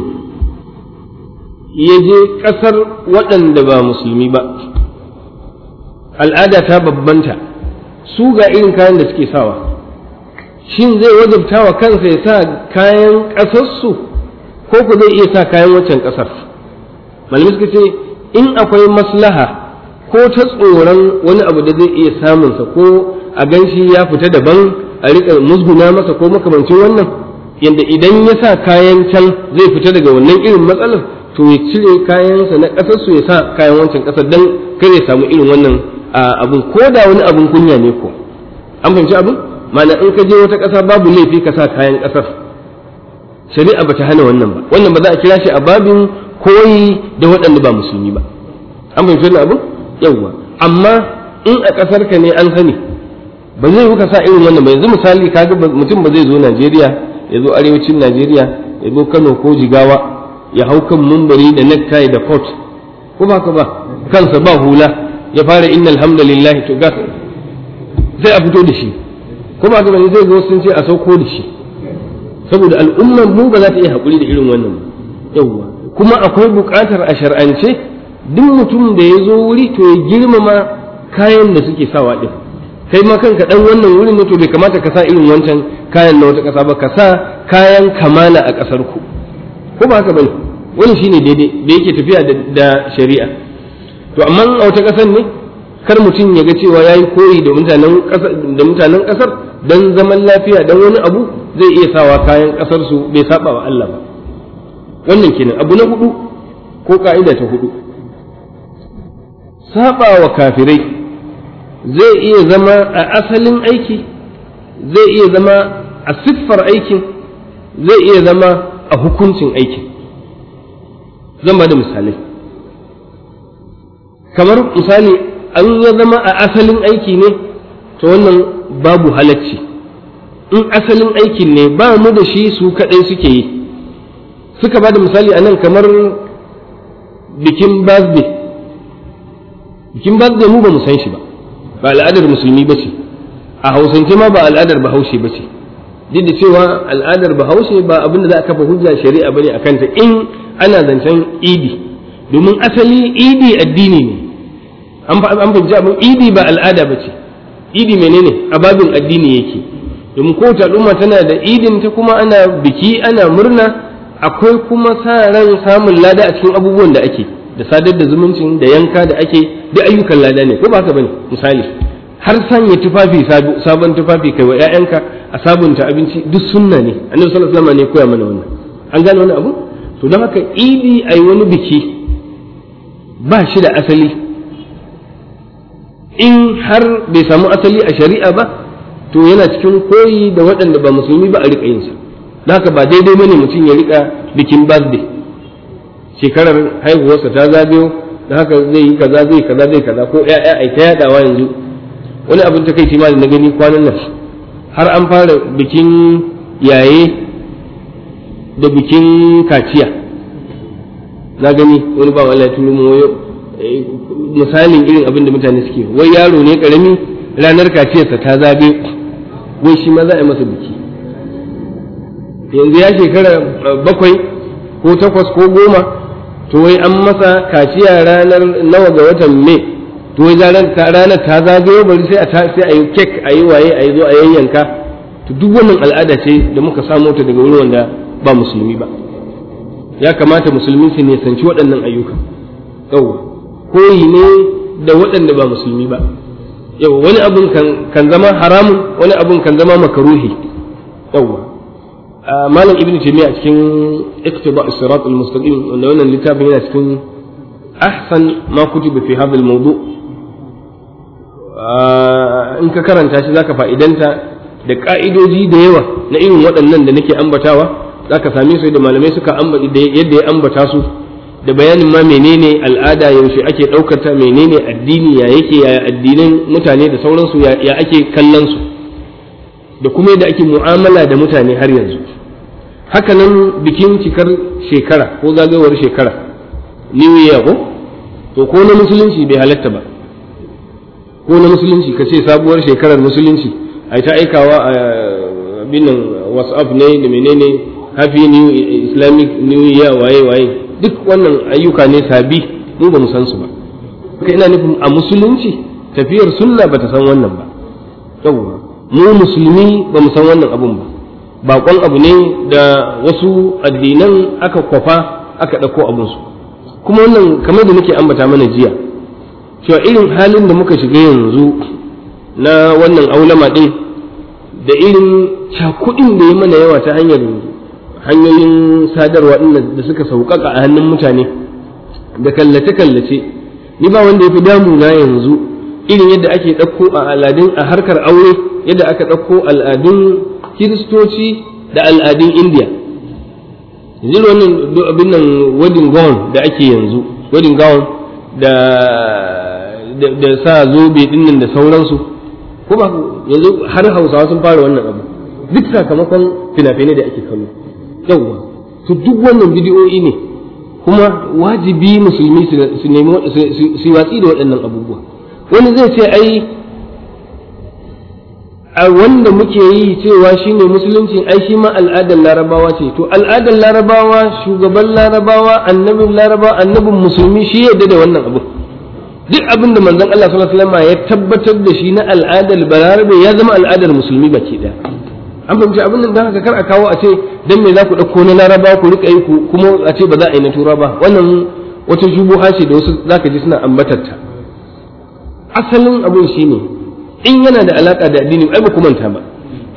ya je ƙasar waɗanda ba musulmi ba al'ada ta babbanta su ga irin kayan da suke sawa shin zai wajabta wa kansa ya sa kayan ƙasarsu ko ku zai iya sa kayan waccan ƙasar malamai suka ce in akwai maslaha ko ta tsoron wani abu da zai iya samunsa ko a ganshi ya fita daban a riƙa musguna masa ko makamancin wannan yadda idan ya sa kayan can zai fita daga wannan irin matsalar to ya cire kayansa na ƙasar su ya sa kayan wancan ƙasar don kar samu irin wannan abin. ko da wani abun kunya ne ko an fahimci abin ma'ana in ka je wata ƙasa babu laifi ka sa kayan ƙasar shari'a ba ta hana wannan ba wannan ba za a kira shi a babin koyi da waɗanda ba musulmi ba an fahimci wannan abin yawa amma in a kasar ka ne an sani, ba zai yi ka sa irin wannan ba yanzu misali kaga mutum ba zai zo Najeriya ya zo arewacin Najeriya ya zo Kano ko Jigawa ya hau kan mumbari da nektai da port ko ba ka ba kansa ba hula ya fara inna alhamdulillah to ga sai a fito da shi kuma ba zai zo sun ce a sauko da shi saboda al'ummar mu ba za ta iya haƙuri da irin wannan yawa kuma akwai buƙatar a shar'ance duk mutum da ya zo wuri to ya girmama kayan da suke sawa din kai ma kanka dan wannan wurin ne to bai kamata ka sa irin wancan kayan na wata ƙasa ba ka sa kayan kamala a ƙasar ku ko ba haka bane wani shine daidai da yake tafiya da shari'a to amma a wata ƙasar ne kar mutum ya ga cewa ya yi koyi da mutanen ƙasar don zaman lafiya don wani abu zai iya sawa kayan ƙasarsu bai saba wa Allah ba wannan kenan abu na hudu ko ka'ida ta hudu saba wa kafirai zai iya zama a asalin aiki zai iya zama a siffar aikin zai iya zama a hukuncin aikin zan ba da misali. kamar misali an ya zama a asalin aiki ne to wannan babu halacci in asalin aikin ne ba mu da shi su kaɗai suke yi suka ba da misali a nan kamar bikin birthday bikin da mu ba mu san shi ba ba al'adar musulmi ba ce a hausance ma ba al'adar bahaushe ba ce duk da cewa al'adar bahaushe ba abin da za a kafa hujja shari'a bane a kanta in ana zancen idi domin asali idi addini ne an fahimci abin idi ba al'ada ba ce idi menene a babin addini yake domin kowace al'umma tana da idin ta kuma ana biki ana murna akwai kuma sa ran samun lada a cikin abubuwan da ake da sadar da zumuncin da yanka da ake da ayyukan lada ne ko ba haka bane misali har sanya tufafi sabon tufafi kai wa ƴaƴanka a sabunta abinci duk sunna ne annabi sallallahu alaihi wasallam ne koya mana wannan an gane wani abu to don haka idi ai wani biki ba shi da asali in har bai samu asali a shari'a ba to yana cikin koyi da waɗanda ba musulmi ba a riƙa yinsa don haka ba daidai bane mutum ya riƙa bikin birthday shekarar haihuwarsa ta zagayo da haka zai yi kaza zai kaza zai kaza ko ya ai ta yadawa yanzu wani abin ta kai ma na gani kwanan nan har an fara bikin yaye da bikin kaciya na gani wani ba Allah ya tuni mu eh, misalin irin abin da mutane suke wai yaro ne karami ranar kaciyarsa ta zabe wai shi ma za a yi masa biki yanzu ya shekara bakwai ko takwas ko goma to wai an masa kaciya ranar nawa ga watan Me. to wai ranar ta zagayo bari sai a sai a yi kek a yi waye a yi zo a yayyanka to duk wannan al'ada ce da muka samo ta daga wurin wanda ba musulmi ba ya kamata musulmi su sanci waɗannan ayyuka yawwa koyi ne da waɗanda ba musulmi ba Yau wani abun kan zama haramun wani abun kan zama makaruhi yawwa malam ibnu jami'a cikin iqtida sirat al-mustaqim wanda wannan littafin yana cikin ahsan ma kutiba fi hadha al-mawdu in ka karanta shi zaka fa'idanta da ka'idoji da yawa na irin waɗannan da nake ambatawa zaka same su da malamai suka ambata yadda ya ambata su da bayanin ma menene al'ada yaushe ake ɗaukata menene addini ya yake ya addinan mutane da sauransu ya ake kallon su da kuma yadda ake mu'amala da mutane har yanzu hakanan bikin cikar shekara ko zagayowar shekara new year ko to ko na musulunci bai halatta ba ko na musulunci ka ce sabuwar shekarar musulunci a ta aikawa eh, a binan whatsapp ne da menene happy new islamic new year waye waye duk wannan ayyuka ne sabi mu ba mu san su ba kai ina nufin a musulunci tafiyar sunna bata san wannan ba yawwa mu musulmi ba mu san wannan abun ba bakon abu ne da wasu addinan aka kwafa aka ɗauko abinsu kuma wannan kamar da nake ambata mana jiya cewa irin halin da muka shiga yanzu na wannan aulama ɗin da irin cakuɗin da ya mana yawa ta hanyar hanyoyin sadarwa ɗin da suka sauƙaƙa a hannun mutane da kallace-kallace ni ba wanda ya fi damuna yanzu irin yadda ake ɗauko a aladun a harkar aure yadda aka ɗauko al'adun kiristoci da al'adun indiya yanzu wannan abin nan wedding gown da ake yanzu wedding gown da sa zobe din nan da sauransu ko yanzu har hausawa sun fara wannan abu duk sakamakon fina-finai da ake kallo yawwa to duk wannan bidiyoyi ne kuma wajibi musulmi su nemi watsi da waɗannan abubuwa wani zai ce ai A wanda muke yi cewa shine musulunci, ai shi ma al'adar larabawa ce to al'adar larabawa shugaban larabawa annabin larabawa annabin musulmi shi yadda da wannan abu duk abin da manzon Allah sallallahu alaihi wasallam ya tabbatar da shi na al'adar balarabe ya zama al'adar musulmi baki daya an fahimci abin da haka kar a kawo a ce dan me za ku dauko na larabawa ku rika yi ku kuma a ce ba za a yi na tura ba wannan wata shubuha ce da wasu zaka ji suna ambatar ta asalin abin shine in yana da alaka da addini ai ba ku manta ba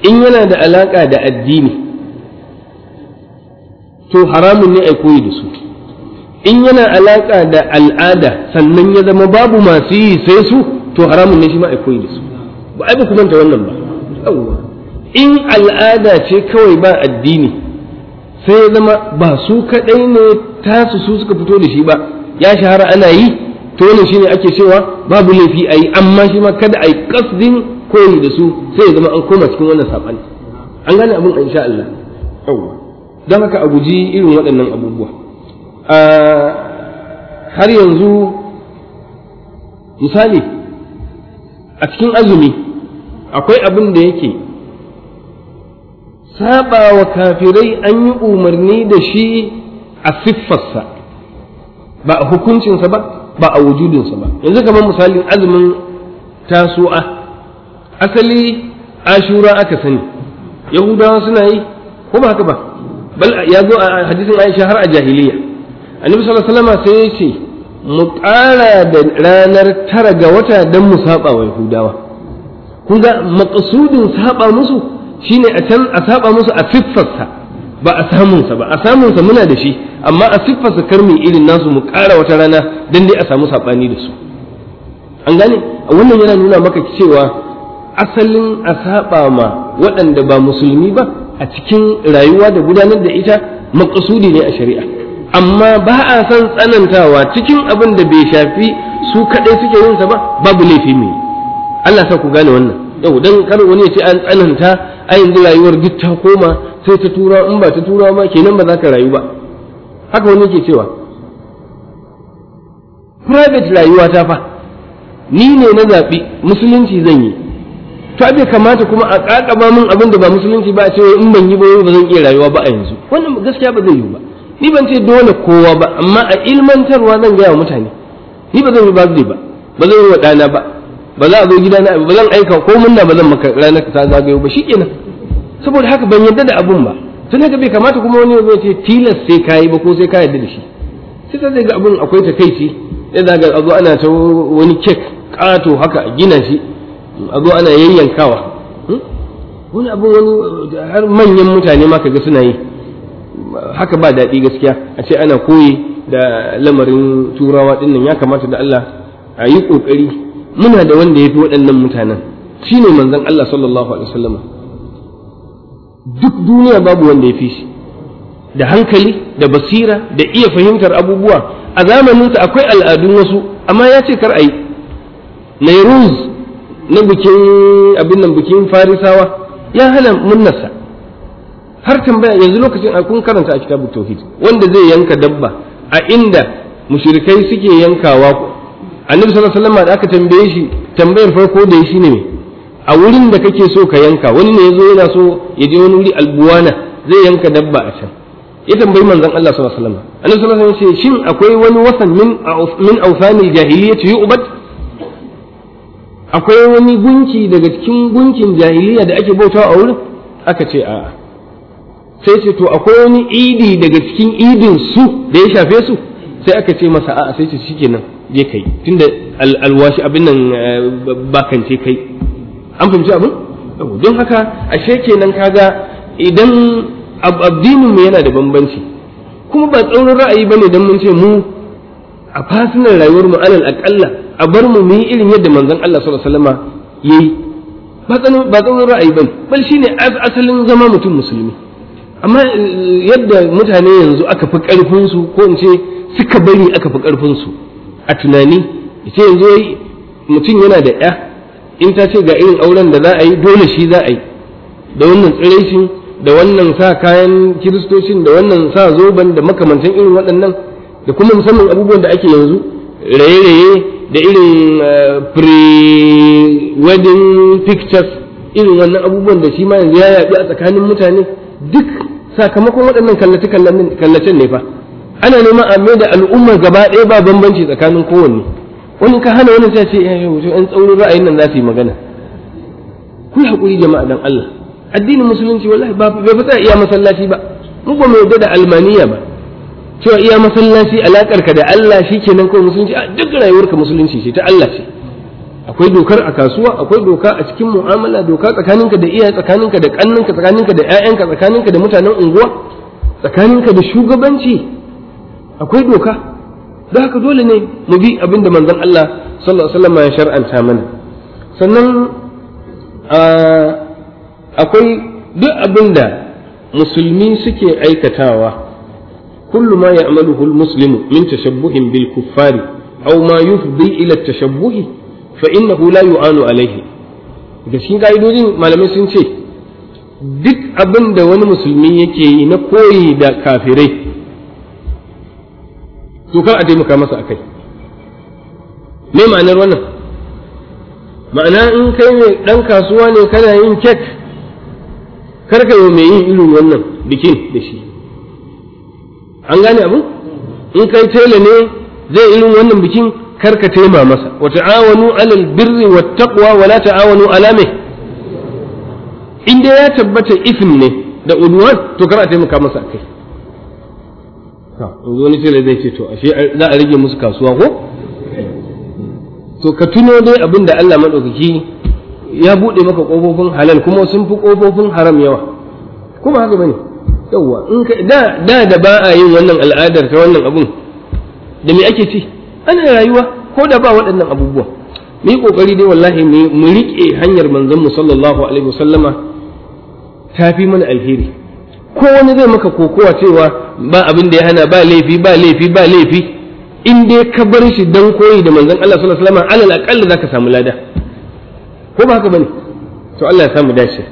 in yana da alaka da addini to haramun ne ai koyi da su in yana alaka da al'ada sannan ya zama babu masu yi sai su to haramun ne shi ma ai koyi da su ba ai ba ku manta wannan ba yawwa in al'ada ce kawai ba addini sai ya zama ba su kadai ne tasu su suka fito da shi ba ya shahara ana yi to shine ake cewa babu laifi a yi amma shi ma kada a yi kasdin koyi da su sai ya zama an koma cikin wannan saɓani an gane abin insha Allah don haka a guji irin waɗannan abubuwa har yanzu misali a cikin azumi akwai abin da yake saba wa kafirai an yi umarni da shi a siffarsa ba a hukuncinsa ba ba a wujudinsa ba yanzu kamar misalin azumin tasu'a asali ashura aka sani yahudawa suna yi ko ba haka ba bal ya zo a hadisin aisha har a jahiliya annabi sallallahu alaihi wasallam sai ya ce mu ƙara da ranar tara ga wata don mu saba wa yahudawa kun ga maƙasudin saba musu shine a can a saba musu a siffarsa ba a samunsa ba a samunsa muna da shi amma a siffarsa karmi irin nasu mu kara wata rana don dai a samu saɓani da su an gane wannan yana nuna maka cewa asalin a saɓa ma waɗanda ba musulmi ba a cikin rayuwa da gudanar da ita makasudi ne a shari'a amma ba a san tsanantawa cikin abin da bai shafi su kaɗai suke yin sa ba babu laifi mai Allah sa ku gane wannan yau dan kar wani ya ce an tsananta a yanzu rayuwar gitta koma sai ta tura in ba ta tura ma kenan ba za ka rayu ba haka wani yake cewa private rayuwa ta fa ni ne na zaɓi musulunci zan yi to bai kamata kuma a ƙaƙaba min abin da ba musulunci ba a ce in ban yi ba ba zan iya rayuwa ba a yanzu wannan gaskiya ba zai yi ba ni ban ce dole kowa ba amma a ilmantarwa zan gaya wa mutane ni ba zan yi ba ba zan yi wa ɗana ba ba za a zo gidana ba zan aika ko munna ba zan maka ranar ta zagayo ba shi kenan saboda haka ban yarda da abun ba tun haka bai kamata kuma wani zai ce tilas sai ka ba ko sai ka yarda da shi sai zai ga abun akwai takaici sai za ga zo ana ta wani kek ƙato haka gina shi a ana yayyankawa hmm? wani abun wani har manyan mutane ma ga suna yi haka ba daɗi gaskiya a ce ana koyi da lamarin turawa dinnan ya kamata da Allah a yi ƙoƙari muna da wanda ya fi waɗannan mutanen Shi ne manzon Allah sallallahu alaihi wasallam duk duniya babu wanda ya fi shi da hankali da basira da iya fahimtar abubuwa a zamaninsa akwai al'adun wasu amma ya ce kar ayi yi nairuz na bikin abin nan bikin farisawa ya hana munnasa. har tambaya yanzu lokacin a kun karanta a kitabu tauhid wanda zai yanka dabba a inda mushrikai suke yankawa annabi sallallahu alaihi wasallam da aka tambaye shi tambayar farko da shi ne a wurin da kake so ka yanka wani ne yazo yana so ya je wani wuri albuwana zai yanka dabba a can ya tambayi manzon Allah sallallahu alaihi wasallam annabi sallallahu alaihi wasallam ce shin akwai wani wasan min min awsanil yi yu'bad akwai wani gunki daga cikin gunkin jahiliya da ake bautawa a wurin aka ce a'a sai ce to akwai wani idi daga cikin idin su da ya shafe su sai aka ce masa a'a sai ce shikenan je kai tunda alwashi abin nan eh, bakance kai an fahimci abin don haka ashe kenan kaga idan addinin mu yana da bambanci kuma ba tsaurin ra'ayi bane dan mun ce mu a fasinar rayuwar mu alal aqalla a bar mu mu irin yadda manzon Allah sallallahu alaihi wasallama yayi ba tsaurin ra'ayi bane bal shine asalin zama mutum musulmi amma yadda mutane yanzu aka fi karfin su ko in ce suka bari aka fi karfin su a tunani ce yanzu mutum yana da ɗaya in ta ce ga irin auren da za a yi dole shi za a yi da wannan tsireshin da wannan sa kayan kiristocin da wannan sa zoban da makamantan irin waɗannan da kuma musamman abubuwan da ake yanzu raye-raye da irin eh, pre-wedding pictures irin wannan abubuwan da shi ma yanzu ya yaɗu a tsakanin mutane duk sakamakon waɗannan kallace-kallacen ne fa ana nema a mai da al'ummar gaba ɗaya ba bambanci tsakanin kowanne wani ka hana wani sai ce eh, yi wato ɗan tsaurin ra'ayin nan za su yi magana ku hakuri jama'a dan Allah addinin musulunci wallahi ba bai fata iya masallaci ba mu ba mu yarda da almaniya ba cewa iya masallaci alakar ka da Allah shikenan kawai musulunci a duk rayuwarka musulunci ce ta Allah ce akwai dokar a kasuwa akwai doka a cikin mu'amala doka tsakaninka da iyaye tsakaninka da kanninka tsakaninka da ƴaƴanka tsakaninka da mutanen unguwa tsakaninka da shugabanci akwai doka don haka dole ne mu bi abin da manzon Allah sallallahu alaihi wasallam ya shar'anta mana sannan akwai duk abin da musulmi suke aikatawa kullu ma ya'maluhu al-muslimu min tashabbuhin bil kuffari aw ma yufdi ila at-tashabbuhi fa innahu la yu'anu alayhi da shi ka'idojin malamai sun ce duk abin da wani musulmi yake yi na koyi da kafirai to kar a taimaka masa akai me ma'anar wannan ma'ana in kai ne dan kasuwa ne kana yin kek kar ka yi mai yin irin wannan bikin da shi an gane abu in kai tela ne zai irin wannan bikin kar ka taima masa wa ta'awanu alal birri wat taqwa wa la ta'awanu ala me in dai ya tabbata ifin ne da unwan to kar a taimaka masa akai yanzu zai ce to ashe za a rage musu kasuwa ko to ka tuno dai abin da Allah madaukaki ya bude maka kofofin halal kuma sun fi kofofin haram yawa kuma haka bane yawa in ka da da da ba a yin wannan al'adar ta wannan abun da me ake ci ana rayuwa ko da ba waɗannan abubuwa mu yi kokari dai wallahi mu riƙe hanyar manzon mu sallallahu alaihi wasallama ta fi mana alheri ko wani zai maka kokowa cewa ba abin da ya hana ba laifi ba laifi ba laifi in dai ka bar shi dan koyi da manzon Allah sallallahu alaihi wasallam alal aqalla zaka samu lada ko ba haka bane to Allah ya samu dace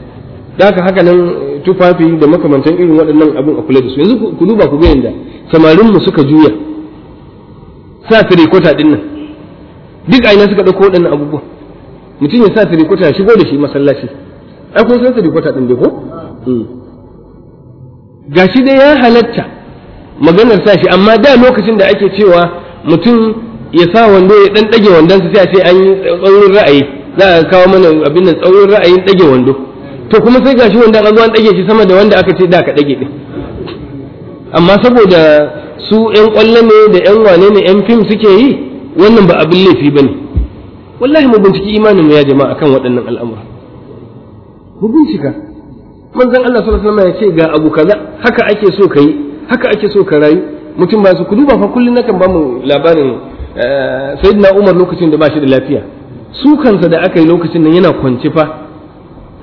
da haka haka nan eh, tufafi da makamantan irin waɗannan abin a kula da su yanzu ku duba ku ga yanda samarin mu suka juya sa tirikota din nan duk aina suka dauko waɗannan abubuwa mutum ya sa tirikota shigo da shi masallaci akwai kun san tirikota din da ko hmm. gashi dai ya halatta maganar sa shi amma da lokacin da ake cewa mutum ya sa wando ya dan dage sai a ce an yi tsaurin ra'ayi za a kawo mana abin nan tsaurin ra'ayin dage wando to kuma sai gashi wanda an zo an dage shi sama da wanda aka ce da ka dage din amma saboda su yan kwallo ne da yan wane ne yan fim suke yi wannan ba abin laifi bane wallahi mu binciki imanin mu ya jama'a kan waɗannan al'amura mu bincika manzon Allah sallallahu alaihi wasallam ya ce ga abu kaza haka ake so ka haka ake so ka rayu mutum ba su ku duba fa kullun nakan ba mu labarin eh, sayyidina Umar lokacin da ba shi da lafiya su kansa da aka yi lokacin nan yana kwance fa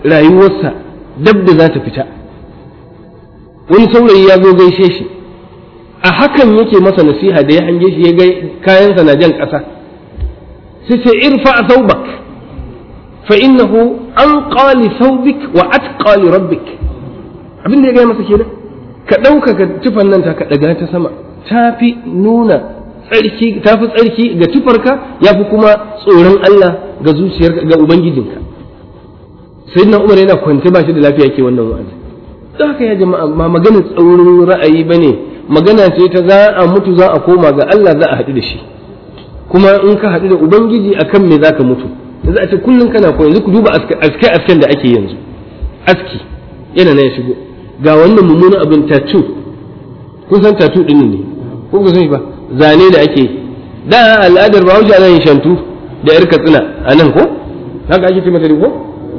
rayuwarsa dab da za ta fita wani saurayi ya zo gaishe shi a hakan yake masa nasiha da ya hange shi ya ga kayansa na jan ƙasa sai ce irfa saubak fa innahu an qali Sa'ubik wa atqa li rabbik abin da ya gaya masa kenan ka ɗaukaka ga tufan nan ta ka daga ta sama ta fi nuna tsarki fi tsarki ga tufarka ya fi kuma tsoron Allah ga zuciyarka ga ubangijinka na Umar yana kwance ba shi da lafiya ke wannan wa'azi don haka ya jama'a ma maganar tsaurin ra'ayi bane magana ce ta za a mutu za a koma ga Allah za a haɗu da shi kuma in ka haɗu da ubangiji akan me za ka mutu yanzu a ce kullum kana koyi yanzu ku duba aske asken da ake yanzu aski yana na ya shigo ga wannan mummunan abin tatu kun san tatu din ne ko ku san shi ba zane da ake da al'adar bahaushe ana yin shantu da yar katsina a nan ko haka ake ce mata ko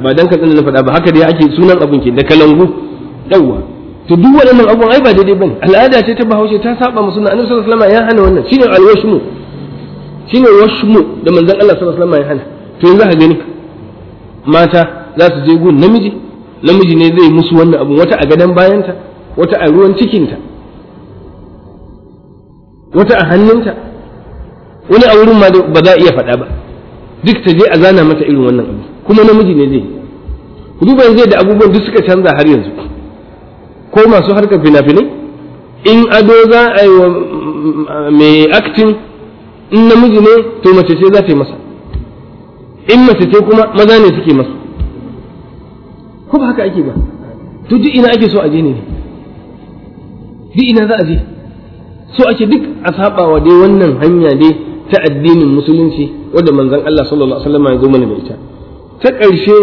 ba dan katsina na faɗa ba haka dai ake sunan abin ke da kalangu yawwa to duk waɗannan abubuwan ai ba daidai bane al'ada ce ta bahaushe ta saba mu suna annabi sallallahu alaihi wasallam ya hana wannan shine alwashmu shine washmu da manzon Allah sallallahu alaihi wasallam ya hana to yanzu ka gani mata za su je gun namiji namiji ne zai musu wannan abun wata a gadon bayanta wata a ruwan cikinta wata a hannunta wani a wurin ma ba za a iya faɗa ba duk ta je a zana mata irin wannan abu kuma namiji ne zai duba zai da abubuwan duk suka canza har yanzu ko masu harkar fina-finai in ado za a yi wa mm, mm, mm, mai aktin in namiji ne to mace ce za ta yi masa in mace ce kuma maza ne suke masu ko ba haka ake ba to duk ina ake so a je ne duk ina za a je so ake duk a sabawa dai wannan hanya dai ta addinin musulunci wadda manzon Allah sallallahu alaihi wasallam ya zo mana da ita ta ƙarshe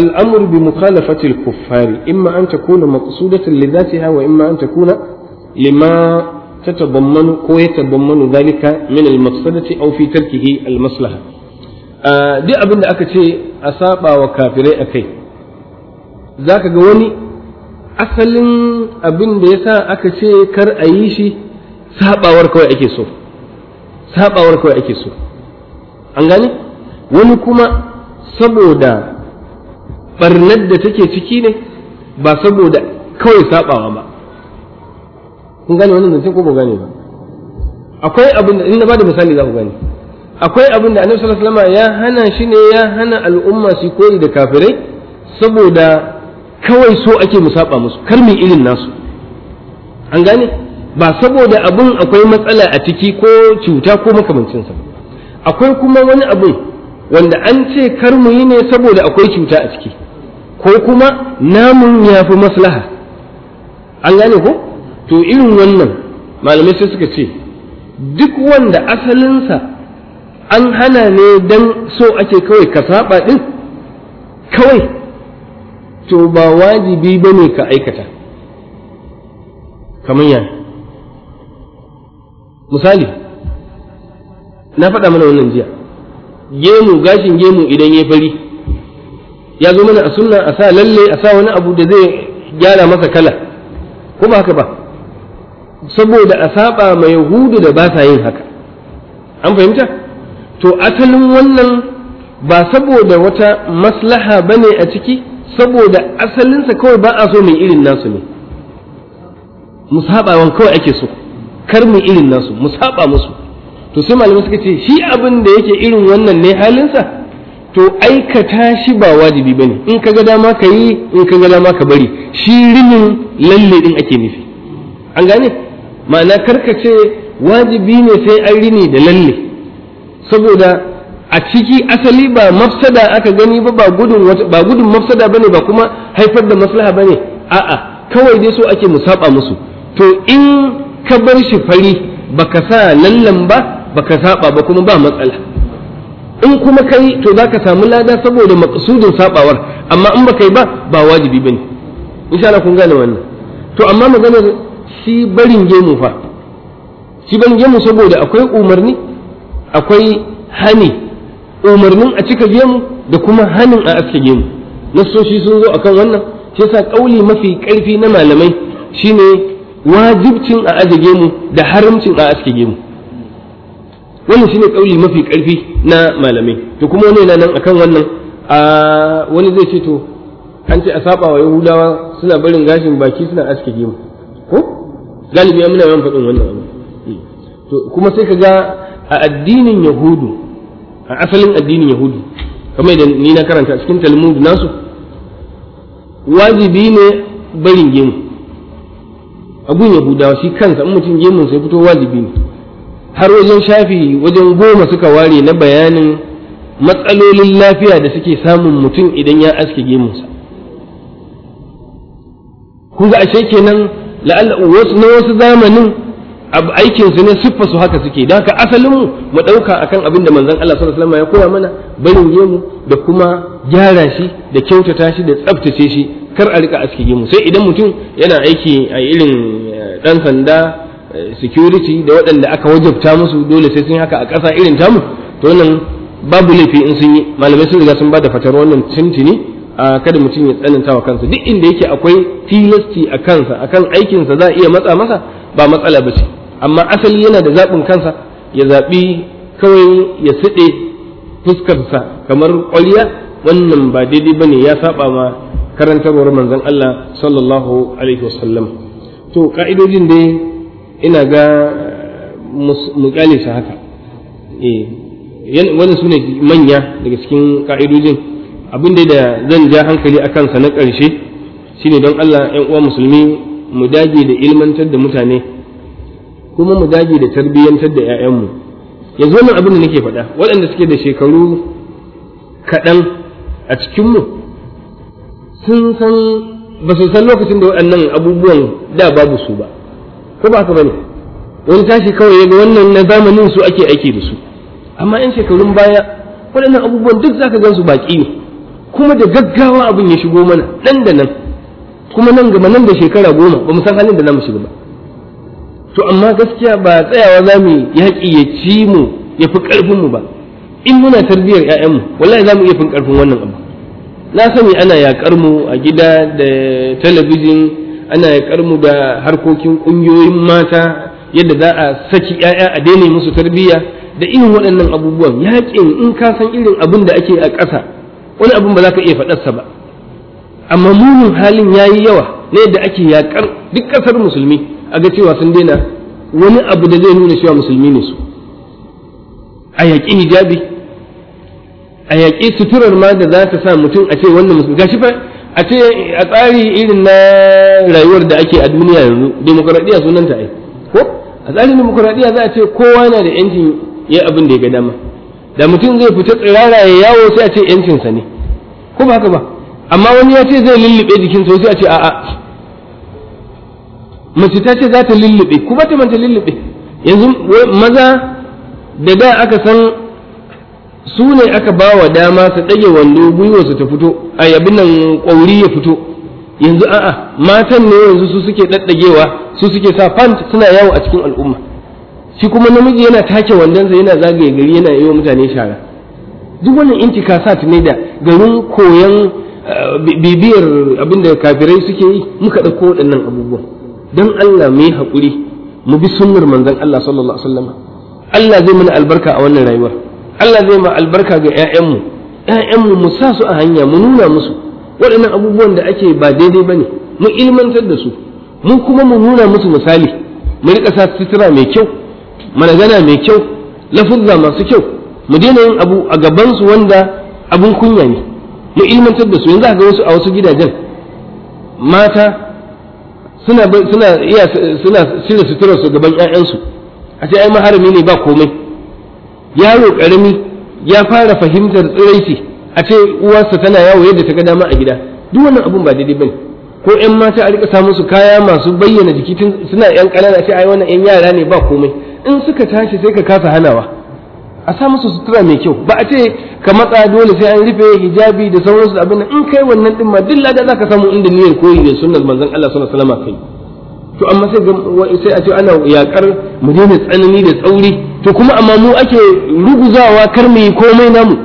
al'amur bi mukhalafati al-kuffari imma an takuna maqsudatan li dhatiha wa imma an takuna lima تتضمن كو يتضمن ذلك من المفسدة أو في تركه المصلحة دي أبن أكتي أصاب وكافري أكي ذاك قولي asalin abin da yasa aka ce kar a yi shi sabawar kawai ake so sabawar kawai ake so an wani kuma saboda barnar da take ciki ne ba saboda kawai saɓawa ba kun gane wannan zancen ko ba gane ba akwai abin da in na bada misali za ku gane akwai abin da annabi sallallahu alaihi ya hana shi ne ya hana al'umma su koyi da kafirai saboda kawai so ake musaba musu kar mu irin nasu an gane ba saboda abin akwai matsala a ciki ko cuta ko makamancinsa akwai kuma wani abu wanda an ce kar mu yi ne saboda akwai cuta a ciki ko kuma namun ya fi maslaha an gane ko to irin wannan malamai sai suka ce duk wanda asalinsa an hana ne don so ake kawai ka saba ɗin kawai to ba wajibi ba ne ka aikata kamar ya misali na faɗa mana wannan jiya gemu gashin gemu idan ya fari ya zo mana a sunna a sa lalle a sa wani abu da zai gyara masa kala ko ba haka ba saboda a saba ma yahudu da ba sa yin haka an fahimta to asalin wannan ba saboda wata maslaha bane a ciki saboda asalinsa kawai ba a so mai irin nasu ne musabawan kawai ake so kar mu irin nasu musaba musu to sai malamai suka ce shi abin da yake irin wannan ne halinsa to aikata shi ba wajibi bane in ka ga dama ka yi in ka ga dama ka bari shi rinin lalle din ake nufi an gane ma'ana ce wajibi ne sai an rini da lalle saboda a ciki asali ba mafsada aka gani ba ba gudun ba gudun mafsada bane ba kuma haifar da maslaha bane a'a kawai dai so ake musaba musu to in ka bar shi fari baka sa lallan ba baka saba ba kuma ba matsala in kuma kai to zaka samu lada saboda maqsudin sabawar amma in baka yi ba ba wajibi bane insha Allah kun gane wannan to amma maganar shi barin gemu fa shi barin gemu saboda akwai umarni akwai hani umarnin a cika gemu da kuma hanin a aske gemu nassoshi sun zo akan wannan shi yasa kauli mafi karfi na malamai shine wajibcin a aje gemu da haramcin a aske gemu wannan shine kauli mafi karfi na malamai to kuma wani yana nan akan wannan a wani zai ce to an ce a saba wa yahudawa suna barin gashin baki suna aske gemu ko galibi muna yawan faɗin wannan abu to kuma sai ka ga a addinin yahudu a asalin addinin yahudu kamar da ni na karanta cikin talmud nasu wajibi ne barin gemu abun yahudawa shi kansa in mutum gemun sai fito wajibi ne har wajen shafi wajen goma suka ware na bayanin matsalolin lafiya da suke samun mutum idan ya aske gemunsa kun ga ashe kenan wasu na wasu zamanin aikin su ne siffa su haka suke da haka asalin mu mu dauka akan abin da manzon Allah sallallahu alaihi wasallam ya koya mana barin mu da kuma gyara shi da kyautata shi da tsaftace shi kar a rika aske mu. sai idan mutum yana aiki a irin dan eh, sanda eh, security da waɗanda aka wajabta musu dole sai sun haka a ƙasa irin tamu to nan babu laifi in sun yi malamai sun riga sun ba da fatar wannan tuntuni kada mutum ya tsananta wa kansa duk inda yake akwai tilasti a kansa akan aikinsa za a iya matsa masa ba matsala ba ce amma asali yana da zaɓin kansa ya zaɓi kawai ya siɗe fuskarsa kamar ƙwaliya wannan ba daidai ba ne ya saɓa ma karantarwar manzon Allah sallallahu alaihi wasallam to ka'idojin dai ina ga mukalisa haka eh, wani su ne manya daga cikin ka'idojin abin da zan ja hankali a kansa na ƙarshe shine don Allah ‘yan uwa musulmi mu dage da ilmantar da mutane kuma mu dage da tarbiyyantar da ‘ya'yanmu Ya zo nan abin da nake faɗa waɗanda suke da shekaru kaɗan a cikinmu sun san ba su san lokacin da waɗannan abubuwan da babu su ba ko ba ka bane wani tashi kawai ga wannan na zamanin su ake aiki da su amma ‘yan shekarun baya waɗannan abubuwan duk zaka gan su baƙi ne kuma da gaggawa abin ya shigo mana nan da nan kuma nan gaba nan da shekara goma ba mu san halin da mu shiga ba to amma gaskiya ba tsayawa za mu yaƙi ya ci mu ya fi ƙarfin mu ba in muna tarbiyyar 'ya'yanmu wallahi za mu iya fin ƙarfin wannan abu na sani ana yaƙar mu a gida da talabijin ana yaƙar mu da harkokin ƙungiyoyin mata yadda za a saki 'ya'ya a daina musu tarbiyya da irin waɗannan abubuwan yaƙin in ka san irin abin da ake a ƙasa wani abin ba za ka iya faɗarsa ba amma munin halin ya yi yawa na yadda ake yaƙar duk ƙasar musulmi a ga cewa sun daina wani abu da zai nuna cewa musulmi ne su a yaƙi hijabi a yaƙi suturar ma da za ta sa mutum a ce wannan musulmi gashi fa a ce a tsari irin na rayuwar da ake a duniya yanzu demokuraɗiyya sunanta ai ko a tsarin demokuraɗiyya za a ce kowa na da yancin ya abin da ya ga dama da mutum zai fita tsirara ya yawo sai a ce yancinsa ne ko ba haka ba amma wani ya ce zai lullube jikinsa sai a ce a'a mace ta ce za ta lullube ku ba ta manta lullube yanzu maza da da aka san su ne aka ba wa dama su ɗage wando gwiwarsu ta fito a yabi nan ƙwauri ya fito yanzu a'a matan ne yanzu su suke ɗaɗɗagewa su suke sa fant suna yawo a cikin al'umma shi kuma namiji yana take wandonsa yana zagaye gari yana yi wa mutane shara duk wannan intikasat ne da garin koyan eh, bibiyar abin da kafirai suke yi muka ɗauko waɗannan abubuwan don Allah mu yi haƙuri mu bi sunnar manzon Allah sallallahu alaihi wasallam Allah zai mana albarka a wannan rayuwar Allah zai mana albarka ga mu, 'ya'yan mu sa su a hanya mu nuna musu waɗannan abubuwan da ake ba daidai ba ne mu ilmantar da su mu kuma mu nuna musu misali mu riƙa sa sutura mai kyau magana mai kyau lafuzza masu kyau mu daina yin abu a gabansu wanda abun kunya ne mu ilmantar da su yanzu ga wasu a wasu gidajen mata suna suna iya suna shirya suturar su gaban ƴaƴansu a ce ai maharami ne ba komai yaro karami ya fara fahimtar tsiraici a ce uwarsa tana yawo yadda ta ga dama a gida duk wannan abun ba daidai bane ko ƴan mata a rika samun su kaya masu bayyana jiki suna ƴan ƙanana a ce ai wannan ƴan yara ne ba komai in suka tashi sai ka kasa hanawa a sa musu sutura mai kyau ba a ce ka matsa dole sai an rufe hijabi da sauransu abin nan in kai wannan din ma duk lada za ka samu inda niyyar koyi da sunnar manzon Allah sallallahu alaihi wasallam kai to amma sai sai a ce ana yakar mu daina tsanani da tsauri to kuma amma mu ake ruguzawa kar mu yi komai namu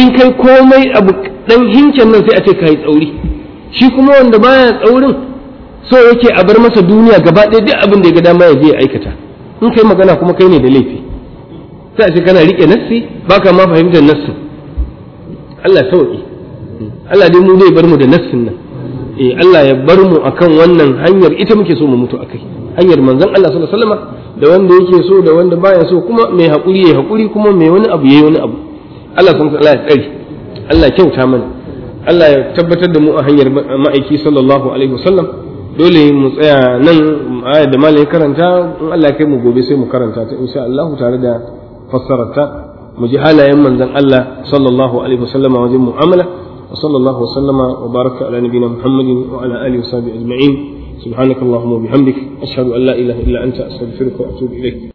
in kai komai abu dan hincin nan sai a ce kai tsauri shi kuma wanda baya tsaurin so yake a bar masa duniya gaba ɗaya duk abin da ya ga dama ya je ya aikata in kai magana kuma kai ne da laifi sai a ce kana rike nassi baka ma fahimtar nassin Allah sauki Allah dai mu zai bar mu da nassin nan eh Allah ya bar mu akan wannan hanyar ita muke so mu mutu akai hanyar manzon Allah sallallahu alaihi wasallam da wanda yake so da wanda baya so kuma mai hakuri yayi hakuri kuma mai wani abu yayi wani abu Allah sun Allah ya tsari Allah kyauta mana Allah ya tabbatar da mu a hanyar ma'aiki sallallahu alaihi wasallam dole mu tsaya nan aya da malamin karanta in Allah kai mu gobe sai mu karanta ta insha Allah tare da fassararta mu ji halayen manzon Allah sallallahu alaihi wasallama wajen mu'amala wa sallallahu wasallama wa baraka ala nabiyina Muhammadin wa ala alihi wa sahbihi ajma'in subhanakallahumma wa bihamdik ashhadu an la ilaha illa anta astaghfiruka wa atubu ilaik